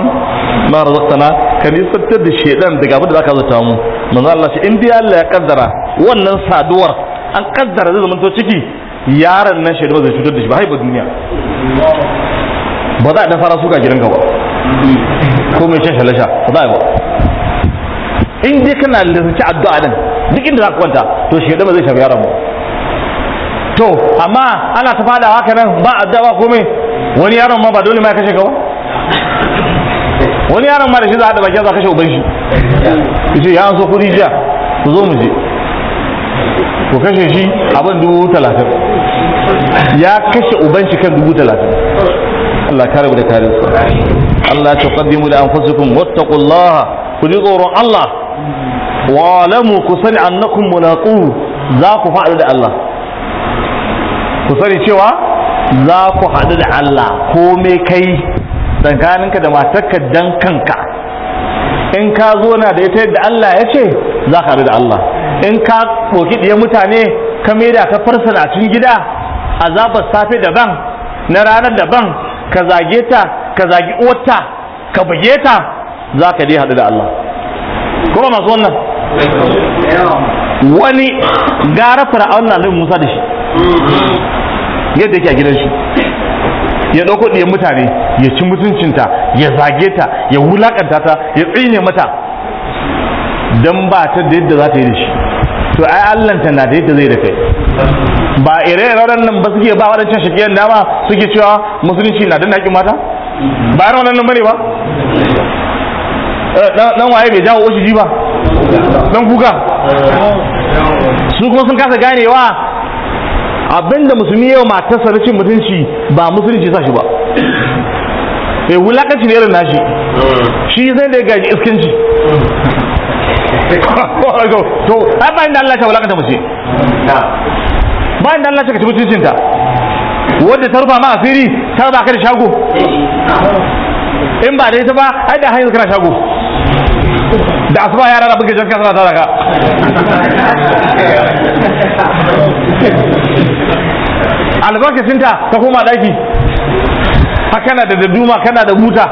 Speaker 1: ma razaqtana ka nisantar da shaytan daga abin da zaka zata mu manzo Allah shi in dai Allah ya kaddara wannan saduwar an kaddara zai zama to ciki yaron nan shaytan zai cutar da shi ba haiba duniya ba za a dan fara suka gidanka ba ko mai shan shalasha ba za a ba in dai kana lissace addu'a din duk inda za ka kwanta to shi ba zai shafi yaron mu to amma ana ta fada haka nan ba addu'a komai wani yaron ma ba dole ma ya kashe gaba wani yaron ma da shi za a haɗa za a kashe uban shi ya ce ya an so kudi jiya ku zo mu je ku kashe shi abin dubu talatin ya kashe uban shi kan dubu talatin Allah kare da kare su Allah ta qaddimu li anfusikum wattaqullaha ku ji tsoron Allah wa lamu ku sani annakum mulaqu za ku faɗa da Allah ku sani cewa za ku haɗu da Allah komai kai tsakaninka da matarka dan kanka in ka zo na da ita yadda Allah ya ce za ka haɗu da Allah in ka ɗauki ɗiyan mutane ka maida ka farsa farsana cikin gida azabar safe daban na ranar daban ka zage ta ka zagi uwarta ka buge ta za ka dai haɗu da Allah kuma masu wannan wani gara fir'aun na musa da shi yadda yake a gidan shi ya ɗauko ɗiyan mutane ya ci mutuncinta ya zage ta ya wulakanta ta ya tsine mata don ba ta da yadda za ta yi da shi to ai allanta na da yadda zai da kai ba ire-iren nan ba suke ba waɗancan shakiyan dama suke cewa musulunci na da naƙi mata ba irin waɗannan bane ba dan eh, waye bai jawo oshiji ba dan kuka su kuma sun kasa ganewa abinda musulmi yau matarsa na cin mutunci ba musulunci sa shi ba eh wulakanci ne irin nashi shi zai da gaji iskanci to abin da Allah ta wulakanta mace bayan da Allah ka ci mutuncinta wanda ta rufa ma asiri ta ba ka da shago in ba da ita ba ai da hanyar kana shago da asuba yara da buga jan sana ta daga albarkacinta ta koma daki hakana da daduma kana da buta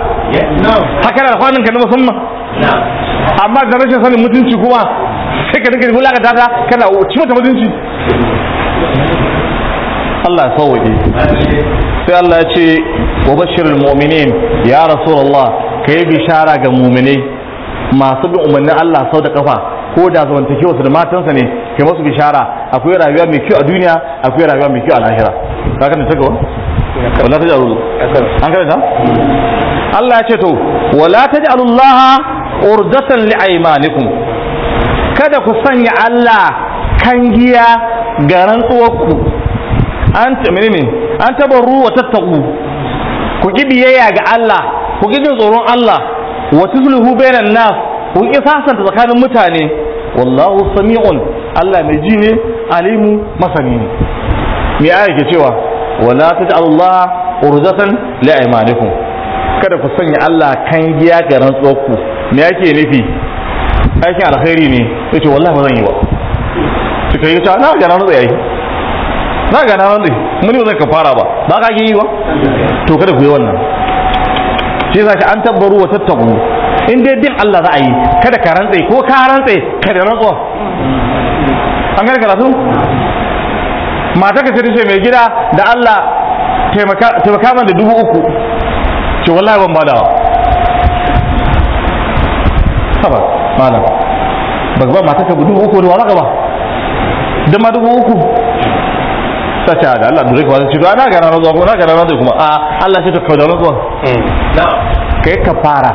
Speaker 1: hakana da ka na musamman amma da rashin sanin mutunci kuma sai ka dinka wulakata ta kana ci mata mutunci Allah sauwaje sai Allah ya ce wa bashirul mu'minin ya rasulullah kai bishara ga mu'minai masu bin umarnin Allah sau da kafa ko da zamantakewa su da matansa ne yi masu bishara akwai rayuwa mai kyau a duniya akwai rayuwa mai kyau a lahira ka kan ta wala ta jaru an ta Allah ya ce to wala taj'alullaha urdatan li'aymanikum kada ku sanya Allah kangiya ga rantsuwarku an ne an tabarru wa tattaku, ku ki biyayya ga Allah ku ki jin tsoron Allah wa tusluhu bainan nas ku ki sasanta tsakanin mutane wallahu sami'un Allah mai ji ne alimu masani ne me ayi ke cewa wala Allah urzatan li aymanikum kada ku sanya Allah kan giya ga rantsoku me yake nufi aikin alkhairi ne yace wallahi ba zan yi ba kai yi ta na ga na rantsa yayi za ga na wanda muni ba zai ka fara ba ba ka yi wa to kada ku yi wannan shi yasa shi an tabbaru wa tattaqu in dai din Allah za a yi kada ka rantse ko ka rantse kada rantsuwa an gane karatu mata ka sai mai gida da Allah taimaka man da dubu uku ce wallahi ban badawa saba malam ba ba mata ka dubu uku da wa ba dama ma dubu uku sata da Allah duk wani zan ce to ana gara zuwa kuma na gara rantsuwa kuma a Allah sai ta kawo da rantsuwa kai mm. ka fara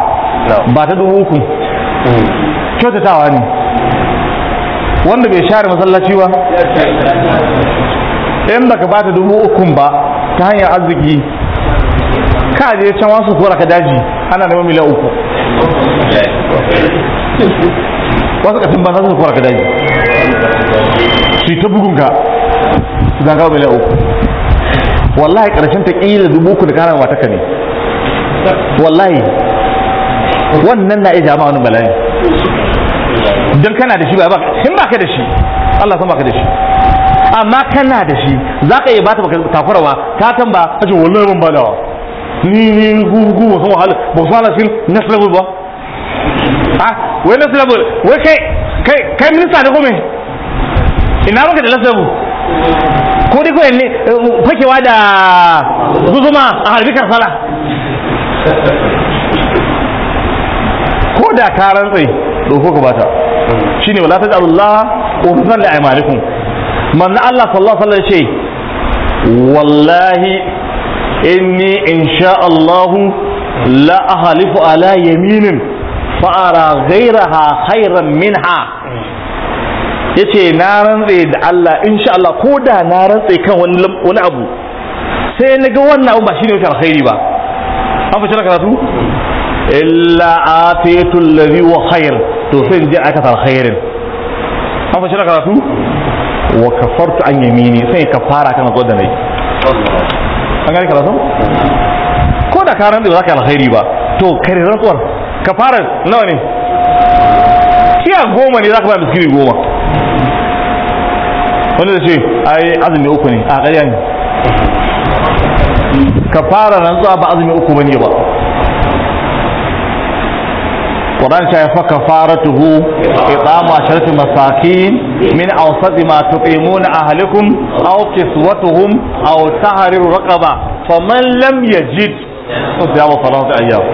Speaker 1: ba ta dubu uku mm. kyautatawa ne wanda bai share masallaci ba in baka ba ta dubu ukun ba ta hanyar arziki ka je can wasu kora ka daji ana neman miliyan uku wasu katin ba za su kora ka daji su ta bugun ka su ka kawo miliyan uku wallahi karshen ta ƙila dubu uku da kara mata ka ne wallahi wannan na iya jama'a wani bala'i don kana da shi ba in ba ka da shi Allah san ba ka da shi amma kana da shi za ka iya bata takurawa ta ba a ce wallahi ban balawa ni ni gugu ba san wahala ba su wahala shi next level ba A ah, wai next level wai kai kai minista da kome ina baka da next level ko dai ne eh, fakewa da guzuma a harbi ko da ka rantsai ɗauko ka bata shi ne wala ta Allah ofisar da aimanikum man Allah sallallahu alaihi ce wallahi inni sha Allah la ahalifu ala yaminin fa'ara ghairaha khairan minha ya ce na rantse da Allah insha Allah ko da na rantse kan wani abu sai na ga wannan abu ba shi ne wata alkhairi ba an fashe na karatu illa a fetul wa khair to sai je aka sa alkhairin an fashe na karatu wa kafartu an yamini sai ka fara kan zo da nai an gani karatu ko da ka da ba za ka alkhairi ba to kare rantsuwar ka fara nawa ne kiya goma ne za ka ba miskini goma wanda da ce ai azumi uku ne a ƙarya ne ka fara rantsuwa ba azumi uku bane ba Quran ta fa kafaratuhu itama sharti masakin min awsat ma tuqimuna ahlikum aw kiswatuhum aw tahriru raqaba faman lam yajid fasiyamu salatu ayyam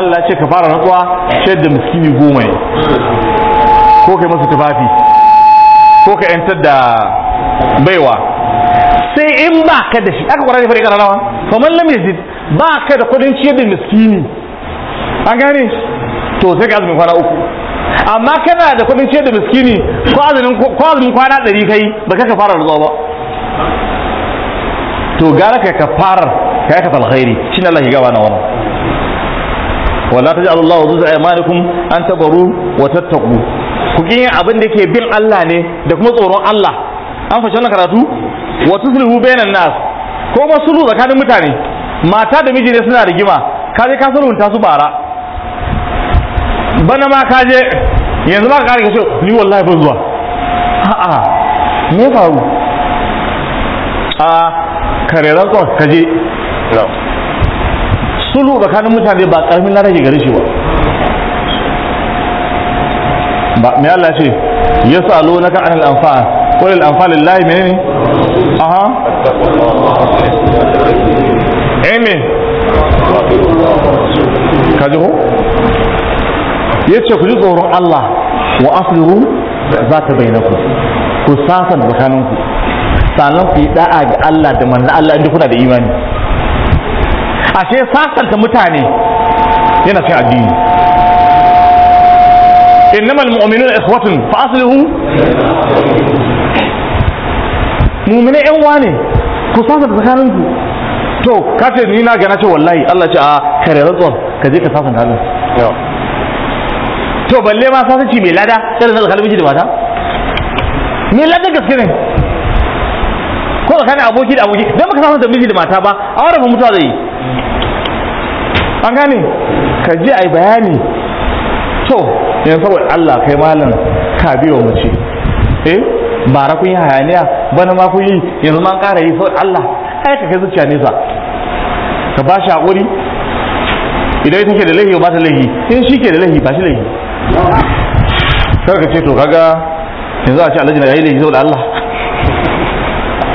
Speaker 1: Allah ce ka fara rantsuwa shaidda miskini goma ne ko kai masa tufafi ko ka yantar da baiwa sai in ba ka da shi aka kwararri fari kararrawa faman lam yazid ba ka da kudin ciyar da miskini an gane to sai ka azumin kwana uku amma kana da kudin ciyar da miskini ko azumin kwana ɗari kai ba ka fara rutsuwa ba to gara ka fara ka ka alkhairi shi ne Allah ya gaba na wannan wala taj'alu Allahu zuza aymanikum an tabaru wa tattaqu ku kin abin da ke bin Allah ne da kuma tsoron Allah an fashe wannan karatu wa tuslihu bainan nas ko ma sulhu tsakanin mutane mata da miji ne suna rigima ka je ka sulhunta su bara bana ma ka je yanzu ba ka kare ka ni wallahi ban zuwa a'a me faru a kare rantsuwa ka je sulhu tsakanin mutane ba rage gare shi ba ba mai Allah ce ya salo na lillahi mai ne aha eh, ka ji ya ce ku ji tsoron Allah wa asiru za ta bayyana ku ku tsakaninku sannan ku yi da'a ga Allah da manna Allah inda kuna da imani ashe sasanta mutane yana cikin addini innamal mu'minuna ikhwatun fa aslihu mu'minai yan uwa ne ku sasanta tsakanin ku to kace ni na gana ce wallahi Allah ce a kare rantsuwar ka je ka sasanta halin to balle ma sasanci mai lada irin na tsakanin da mata mai lada gaske ne ko tsakanin aboki da aboki dan baka sasanta miji da mata ba a wara mutuwa zai yi an gane ka je a yi bayani to yanzu saboda allah kai malam ka biyo mace eh bara kun yi hayaniya bana ma kun yi yanzu ma ƙara yi saboda allah ai ka kai zuciya nesa ka ba shi haƙuri idan yake ke da laihi ba ta laihi in shi ke da laihi ba shi laihi sai ka ce to kaga yanzu a ce alhaji na yayi laihi saboda allah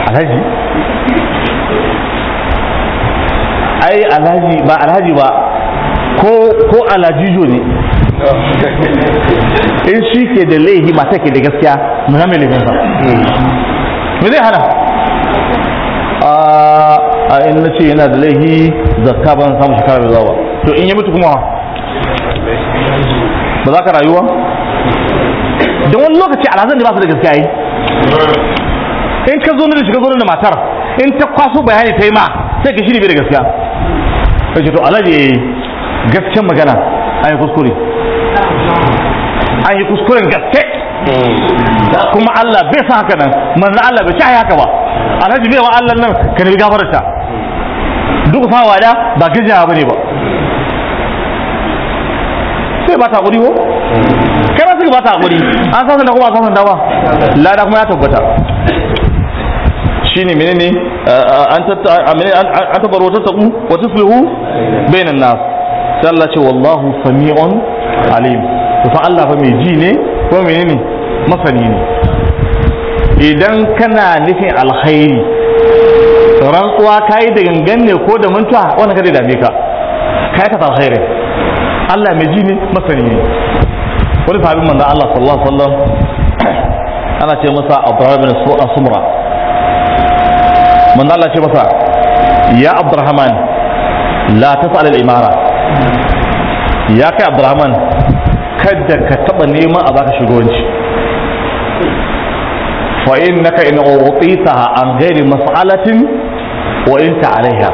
Speaker 1: alhaji ai alhaji ba alhaji ba ko ko jo ne in shi ke da laihi ba take da gaskiya mu zama ba me zai hana a in nace yana da laihi zakka ban samu shekara da zawa to in ya mutu kuma ba za ka rayuwa don wani lokaci alhazan da ba su da gaskiya yi in ka zo da shiga zo da matar in ta kwaso bayani ta yi ma sai ka shiri bai da gaskiya sai to alaji gaskiyar magana an yi kuskure an yi kuskuren gaske kuma Allah bai sa haka nan manzan Allah bai ci haka ba alhaji bai wa Allah nan ka nemi gafararta duk sawa da ba gajiya ne ba sai ba ta kuri ko kai ba su ba ta kuri an sasanta da kuma a da ba lada kuma ya tabbata shine menene eh, eh, an tatta an tabar wata taqu wa tuslihu bainan nas sai Allah ce wallahu sami'un alim to fa Allah fa mai ji ne ko menene masani ne idan kana nufin alkhairi rantsuwa kai da gangan ne ko da mantuwa wannan kada dame ka kai ka alkhairi Allah mai ji ne masani ne wani sahabin manzo Allah sallallahu alaihi wasallam ana ce masa abrahim bin Sumra manzo Allah ce masa ya Abdurrahman la tas'al al-imara ya kai Abdurrahman kada ka taba neman a baka shugabanci fa innaka in utitaha an ghairi mas'alatin wa anta alaiha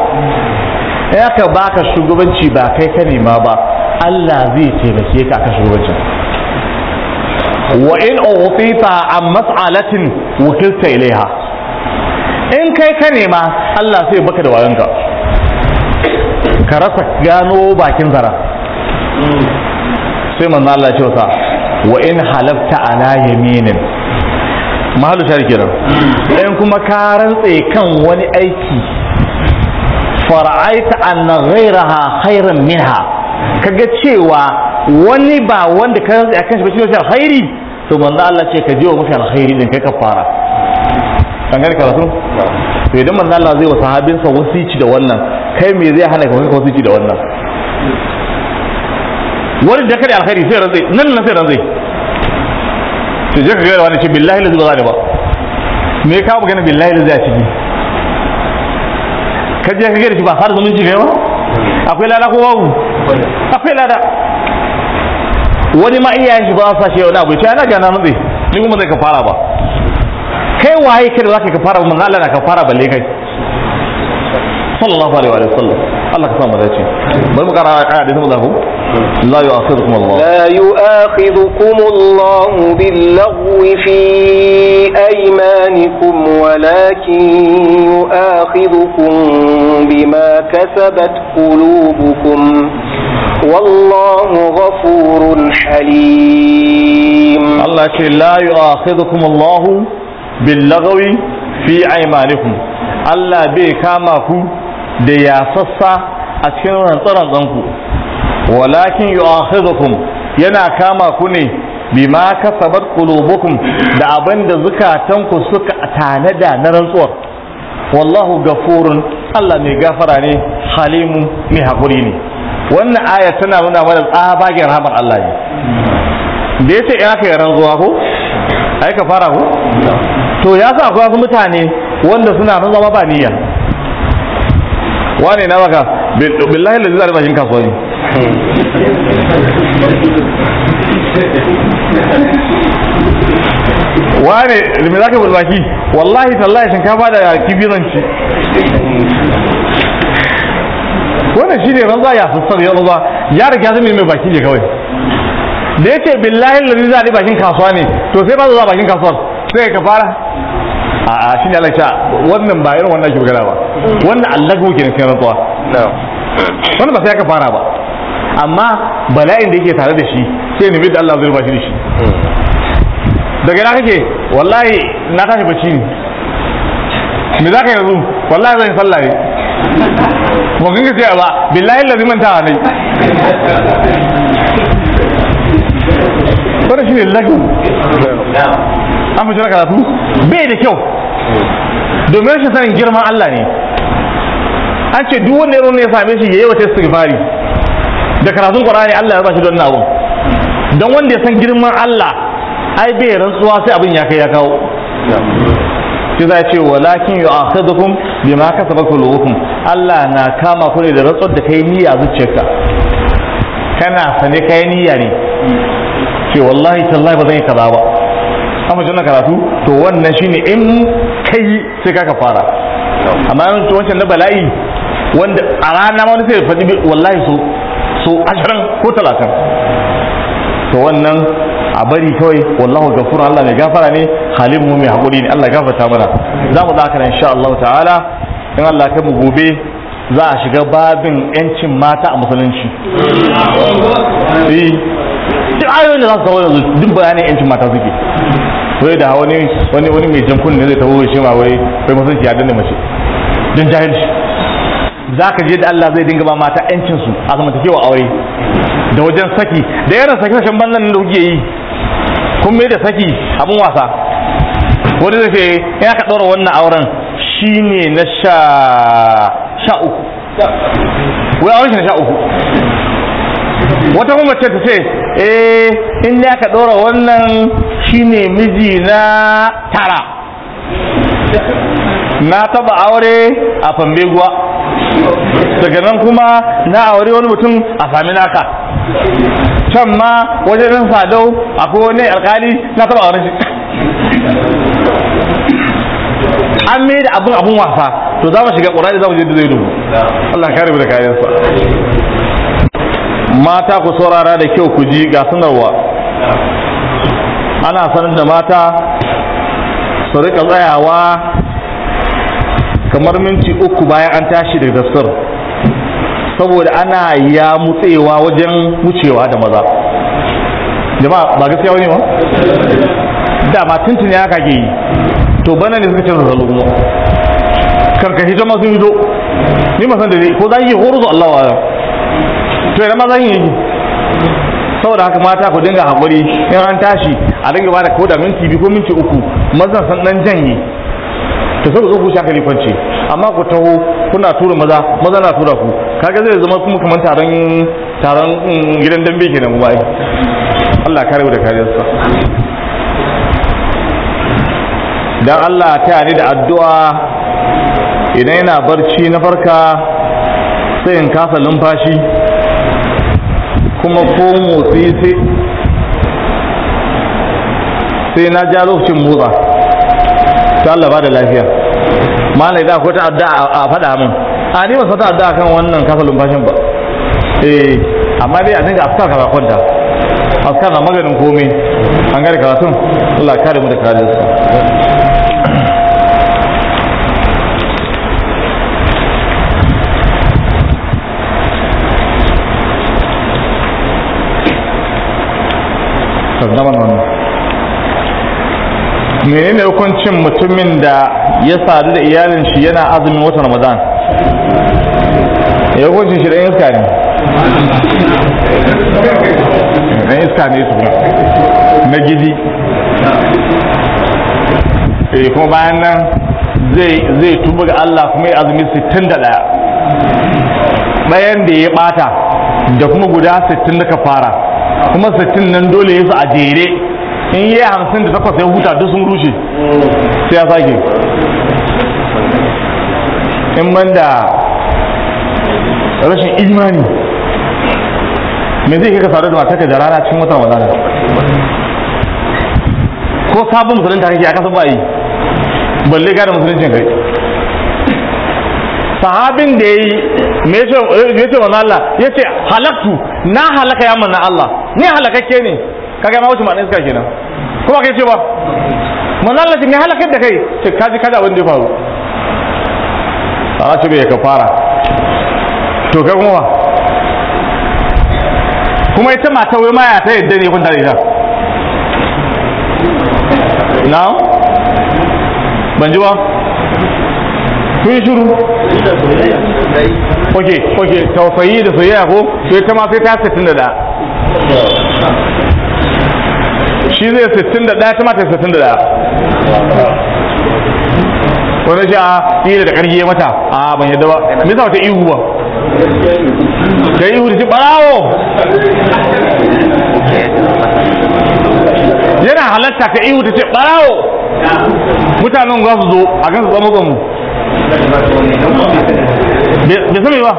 Speaker 1: ya ka baka shugabanci ba kai ka nema ba Allah zai taimake ka akan shugabancin wa in utita an mas'alatin wakilta ilaiha in kai ka nema Allah sai baka da wayonka ka rasa gano bakin zara sai manzo Allah ce wasa wa in halafta ala yaminin mahallu shari kenan in kuma ka rantse kan wani aiki fara'aita anna ghairaha khairan minha kaga cewa wani ba wanda ka rantse akan shi ba shi ne alkhairi to manzo Allah ce ka je wa mafi alkhairi din kai ka fara kan gani karatu to idan manzo Allah zai wa sahabinsa wasici da wannan kai me zai hana ka wasici da wannan wani da kare alkhairi sai ranzai nan nan sai ranzai to je ka ga wani ce billahi lazu ba za ba me ka bu gani billahi lazi a ciki ka je ka ga shi ba har zumunci kai ba akwai lada ko babu akwai lada wani ma iyayen shi ba sa shi wani abu ya ce ana gana nan zai ni kuma zai ka fara ba kai waye kai da zaka kafara manzo Allah na kafara balle kai sallallahu alaihi wa sallam Allah ka samu dace bari mu kara aya da zamu لا يؤاخذكم الله
Speaker 2: لا يؤاخذكم الله باللغو في أيمانكم ولكن يؤاخذكم بما كسبت قلوبكم والله غفور حليم
Speaker 1: الله لا يؤاخذكم الله billagawi fi aimanikum Allah bai kama ku da ya sassa a cikin rantsarantsanku walakin yu'akhidhukum yana kama ku ne bima kasabat qulubukum da abinda da zukatanku suka da na rantsuwar wallahu gafurun Allah mai gafara ne halimu mai hakuri ne wannan aya tana nuna mana tsabagen rahmar Allah ne da yace in aka yi rantsuwa ko ai ka fara ko to ya sa akwai mutane wanda suna nan zama ba niyya wane na baka billahi da zai bashin ka ne wane me za ka bulbaki wallahi tallahi shin ka kifi kibiranci wannan shi ne ranza ya sassar ya ranza ya riga zai mai baki ne kawai da ya ce billahi lalzi za a bakin kasuwa ne to sai ba zuwa bakin kasuwar sai ka fara a a shi ne Allah wannan ba irin wannan ake magana ba wannan Allah ko ke cikin rantsuwa wannan ba sai ka fara ba amma bala'in da yake tare da shi sai ne da Allah zai bashi da shi daga ina kake wallahi na tashi bacci ne me za ka yanzu wallahi zan sallah ne mun kinka ce ba billahi lazi manta ne sauran shi ne lakin? an fi karatu bai da kyau domin shi sanin girma Allah ne an ce duk wanda ya ne ya same shi ya yi wata istighfari da karatun ne Allah ya ba shi don nawon don wanda ya san girman Allah ai bai rantsuwa sai abin ya kai ya kawo shi za ce walakin ma kasa baka qulubukum Allah na kama ku ne da rantsuwar da kai niyya zuciyarka kana sane kai niyya ne ce wallahi tallahi ba zan yi kaza ba amma jin karatu to wannan shine in kai sai ka fara amma yan to wancan na bala'i wanda a rana ma wani sai faɗi wallahi so so ashirin ko talatin to wannan a bari kawai wallahu gafurun Allah mai gafara ne halin mu mai haƙuri ne Allah gafarta mana za mu dakara insha Allah ta'ala in Allah ka mu gobe za a shiga babin yancin mata a musulunci duk ayoyin da za su kawo yanzu duk bayanin yancin mata suke wai da wani wani wani mai jan kunne zai tawo shi ma wai wai musulunci ya danne mace don jahilci za ka je da Allah zai dinga ba mata yancin su a zamantakewa aure da wajen saki da yaran saki sashen bannan da kuke yi kun mai da saki abin wasa wani zai ce ya ka ɗora wannan auren shi ne na sha sha uku wai auren shi na sha uku wata kuma ce ta ce eh in da aka ɗora wannan shine miji na tara na taba aure a fambeguwa daga nan kuma na aure wani mutum a sami naka can ma wajen nan sadau akwai wani alkali na taba aure shi an mai da abin abin wasa to za mu shiga ƙura da za mu je da zai dubu Allah kare mu da kayansa mata ku saurara da kyau ku ji ga sanarwa ana sanar da mata su rika tsayawa kamar minti uku bayan an tashi daga tafsir saboda ana ya mutsewa wajen wucewa da maza jama'a ba gaskiya wani ba dama tuntun ya kage yi to bana ne suka canza zalo kuma karkashin jama'a sun yi zo ni masan da ne ko za yi horo zuwa allawa to yana mazan yi saboda haka mata ku dinga haƙuri in an tashi a dinga bada ko da minti biyu ko minti uku mazan san dan janye to sai ku zo ku shaka lifanci amma ku taho kuna tura maza maza na tura ku kaga zai zama kuma kamar taron taron mm, gidan dambe kenan wai Allah kare da sa dan Allah ta ni da addu'a idan yana barci na farka sai in kasa numfashi kuma ko motsi sai na ja lokacin motsa ta Allah ba da lafiya malai da akwai ta'adda a faɗa min a ni ba sa ta'adda kan wannan kasa lumfashin ba eh amma dai a dinga afkar kaza kwanta afkar na maganin komai an gari karatun Allah kare mu da kare su Masar na wannan menene hukuncin mutumin da ya sadu da iyalin shi yana azumin watan Ramadan ya eh, hukuncin shi dan iska ne dan iska ne su na gidi eh kuma bayan nan zai zai tuba ga Allah kuma ya azumi 61 bayan da ya bata da kuma guda 60 da ka fara kuma sittin nan dole ya su a jere in yi hamsin da takwas ya huta duk sun rushe sai ya sake in ban da rashin imani me zai kika ka da matarka da rana cikin wata wadana ko sabon musulunta kake a kasa ba yi balle gada musuluncin kai sahabin da ya yi me ce wa Allah ya ce halaktu na halaka ya mana Allah ni halakakke ne kaga ma wuce ma'anar iska kenan kuma kai ce ba mun Allah ne halakar da kai ce Ka ji kada wanda ya faru a ce bai ka fara to kai kuma kuma ita mata wai ma ya ta yadda ne kun da ita na ban ji ba kun shiru ok ok tausayi da soyayya ko sai ta ma sai ta 61 shi zai 61 ta mata 61 wanda shi a tsira da ƙarfi mata a ah, ban yadda ba nisa wata ihu ba ta ihu da shi barawo yana halatta ka ihu da ce barawo mutanen za su zo a kan su tsamo gamu bai sami ba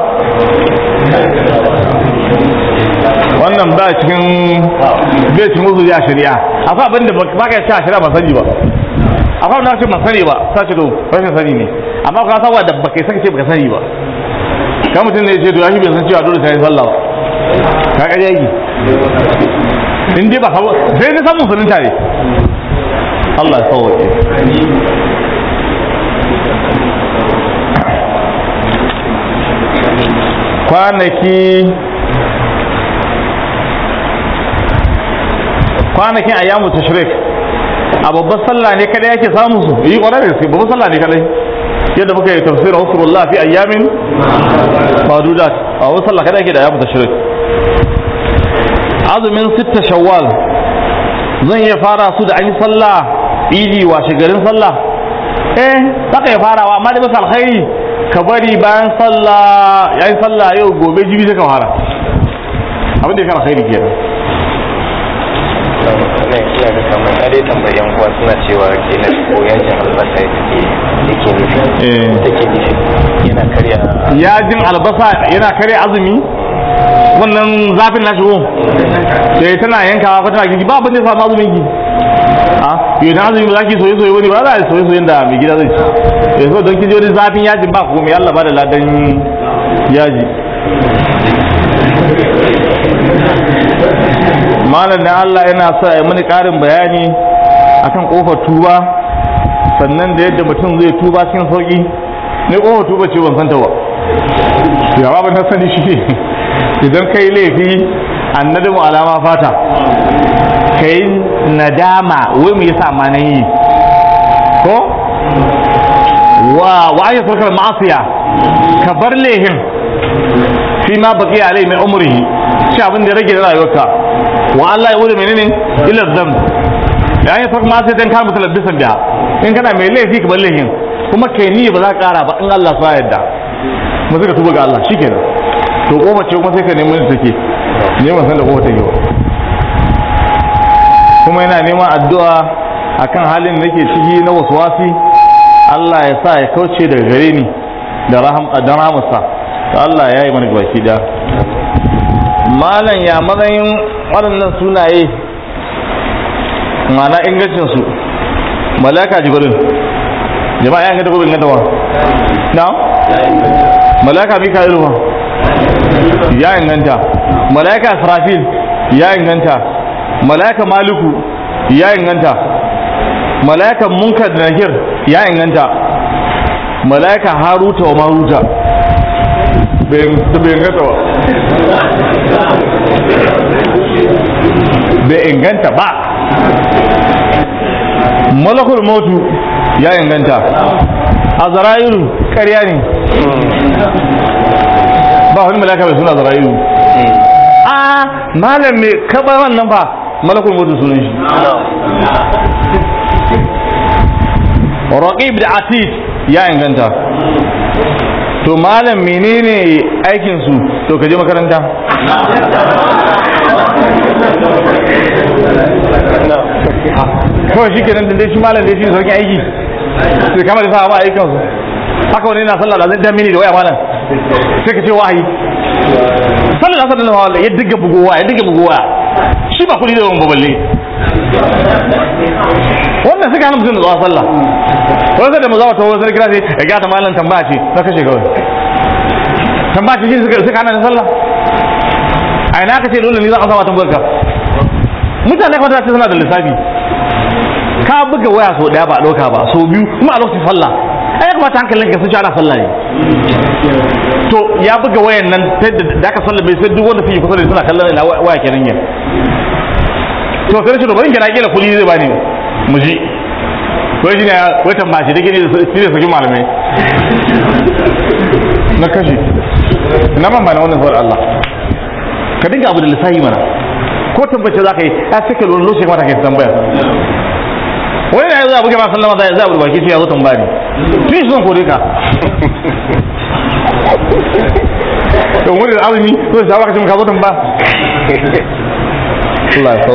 Speaker 1: wannan ba cikin bai cikin uzuri a shari'a akwai abin da ba ka sha shari'a ba sani ba akwai abin da ce ba sani ba sa ce to rashin sani ne amma kuma sawa da ba kai saka ce ba sani ba ka mutum ne ce to ya shi bai san cewa dole sai sallah ba ka ƙarya yi in ba ni samun sunan tare Allah kwanaki kwanakin ayyamu tashrik a babbar sallah ne kada yake samu su yi kwarai da babbar sallah ne kada yadda muka yi tafsirin usrullah fi ayyamin fadudat a wasu sallah kada yake da ayyamu tashrik azumin sitta shawwal zan iya fara su da an yi sallah idi wa garin sallah eh saka ya wa amma da bisa alkhairi ka bari bayan sallah yayin sallah yau gobe jibi sai ka fara abin da ya fi alkhairi kenan
Speaker 2: ina da kama na dai tambayi yan uwa suna cewa ke na
Speaker 3: ko yajin albasa take yake nufi eh. take nufi yana karya
Speaker 1: yajin albasa yana karya azumi wannan zafin na shigo sai eh, tana yanka ko tana gidi ba abin da ya samu azumin ki a yi na azumi ba za ki soye soye wani ba za a yi soye soyen da mai gida zai ci eh, so don kin zafin yajin ba ko mai Allah ba da ladan yaji malam da Allah yana sa ya muni ƙarin bayani akan kofar tuba sannan da yadda mutum zai tuba cikin sauƙi ne kofar tuba ce ban santa ba ya ba ban sani shi ne idan kai laifi mu alama fata kai nadama wai mu yasa ma nan yi ko wa wa ya sarkar ma'asiya ka bar lehin fi ma baki alai mai umri shi abin da rage rayuwarka wa Allah ya wuce menene ila zam ya yi sak ma sai dan ka bisan biya. in kana mai laifi ka balle kuma kai ni ba za ka kara ba in Allah sa yadda mu suka tuba ga Allah shikenan to goma ce kuma sai ka nemi take ne san da goma ta ba kuma yana neman addu'a akan halin da nake ciki na waswasi Allah ya sa ya kauce daga gare ni da raham da ramusa Allah ya yi mana baki da malam ya matsayin waɗannan sunaye ma'ana ingancin su malaka jibrin jama'a ya ga dabbobin gadawa na malaka mikailu ma ya inganta malaka israfil ya inganta malaka maluku ya inganta malaka munkar nahir ya inganta malaka haruta wa maruta bai inganta ba bai inganta ba malakul motu ya inganta a zarayiru karya ne ba wani malaka mai suna zarayiru a malam mai kaɓa wannan ba malakul motu sunan shi roƙi da atis ya inganta to malam menene aikin su to kaje makaranta kawai shi kenan da dai shi malam dai shi sauki aiki su kama da sa ba aikin su haka wani na sallah da zai dan mini da waya malam sai ka ce wahayi sallah da sallah malam ya diga bugowa ya diga bugowa shi ba kudi da wani baballe wannan suka hana mutum da zuwa sallah wani sai da mu zawa tawo sai kira sai ya gata malam tambaya ce na kashe kawai tambaya ce shi suka hana da sallah a ina ka ce nuna ni za a sama tambayar ka mutane kwata ce suna da lissafi ka buga waya sau daya ba a ɗauka ba sau biyu kuma a lokacin sallah ai ya kamata hankalin ka sun ci ana sallah ne to ya buga wayan nan ta yadda da aka sallah bai sai duk wanda suke kusa da suna kallon ina waya kenan ya to sai shi to gina kira kila kuɗi zai bani mu ji wai shi ne wai tambashi da gini da sakin malamai na kashi na ban wani wannan zuwa Allah ka dinga abu da lissahi mana ko tabbace za ka yi ah, ya cikin lullu shi mata ka tambaya wani na yanzu abu kama sallama za a zaɓi baki sai ya zo tambaya ne fi shi zan kore ka don wani da azumi ko da shawara kashin ka zo tambaya Allah ya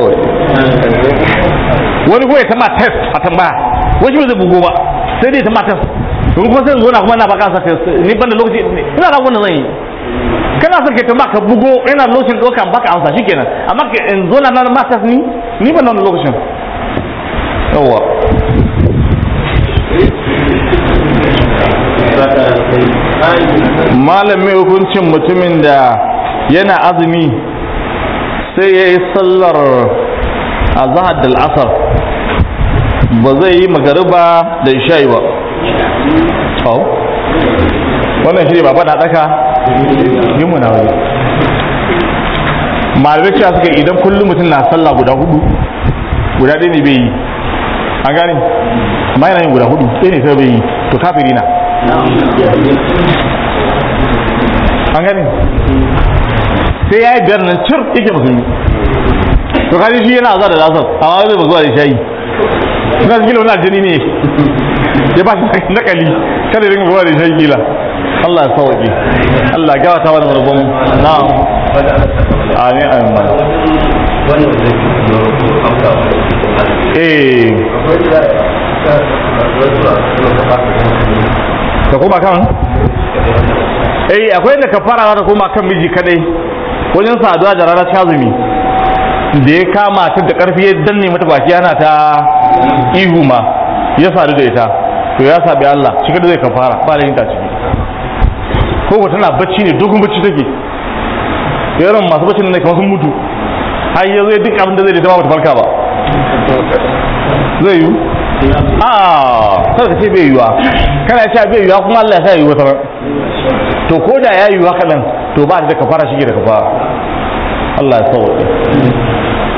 Speaker 1: wani kuma ya tama test a tambaya wani ba zai bugo ba sai dai tama test wani kuma sai zo na kuma na baka sa test ni ban da lokaci ina ga wannan zan yi kana son kai tambaya ka bugo ina lokacin ɗaukan baka amsa shikenan amma in zo na nan masters ni ni ba nan lokacin yawwa malamin hukuncin mutumin da yana azumi sai ya yi sallar a zahar da al'asar ba zai yi magariba da isha'i ba wannan shi ne ba faɗa ɗaka yin wani malamai cewa suka idan kullum mutum na sallah guda hudu guda ɗaya ne bai yi an gani amma yana yin guda hudu ɗaya ne sai bai yi to kafiri na an gani sai ya yi biyar nan cir yake yi. to kaji shi yana zuwa da lasar amma zai zuwa da shayi suna cikin wani aljini ne ya ba shi nakali kada ringa zuwa da shayi kila Allah ya sauke Allah ya gawata mana rubun na'am amin amin eh ta koma kan eh akwai da fara ta koma kan miji kadai wajen saduwa da rana shazumi da ya kama ta da karfi ya danne mata baki yana ta ihu ma ya sadu da ita to ya sabi Allah shi kada zai kafara ba da yin ta ciki koko tana bacci ne dogon bacci take yaron masu bacci ne kamar sun mutu har ya zo duk abin da zai ta ba ta farka ba zai yiwu a kada ka ce bai yiwuwa kana cewa bai yiwuwa kuma Allah ya sa wata sanar to ko da ya wa kaɗan to ba da kafara shi da kafara Allah ya sauke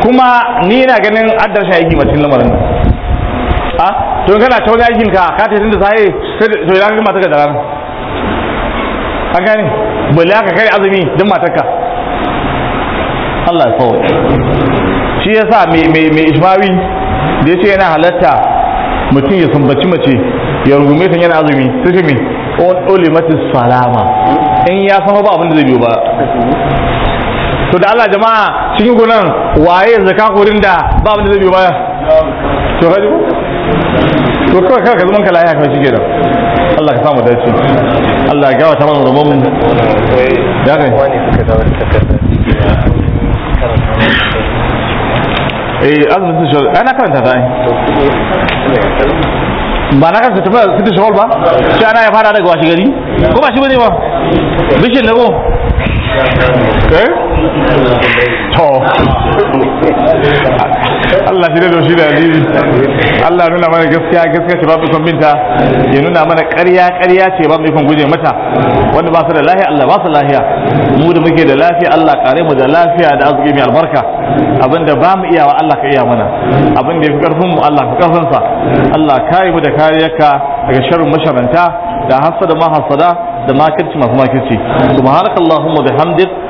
Speaker 1: kuma ni na ganin addar shi aiki macin lamarin a ah, to kana ta wani aikin ka ka ta tun da sai to ya ga mata ga daren a gane bala ka kai azumi don matarka Allah ya fawo shi yasa mai ishmawi da ya ce yana halatta mutum ya sumbaci mace ya rungume ta yana azumi sai shi me on ulimati salama in ya san ba abin da zai biyo ba to da Allah jama'a cikin gunan waye zaka kurin da ba abin da zai biyo baya to kaji to kawai kawai ka zama ka lafiya kawai shi kenan Allah ka samu dace Allah ya gawa ta mana da eh azumin su shawar ana karanta ta ba na kan ta ba su shawal ba shi ana ya fara daga washe gari ko ba shi bane ba bishin na ko eh to Allah shi da shi da azizi Allah nuna mana gaskiya gaskiya ce babu ikon binta ya nuna mana ƙarya ƙarya ce babu ikon guje mata wanda ba su da lafiya Allah ba su lafiya mu da muke da lafiya Allah kare mu da lafiya da azumi mai albarka abinda ba mu iyawa Allah ka iya mana abinda ya fi karfin mu Allah ka karfin sa Allah kare mu da kariyarka daga sharrin masharanta da hasada ma hasada da makirci masu makirci subhanakallahumma bihamdika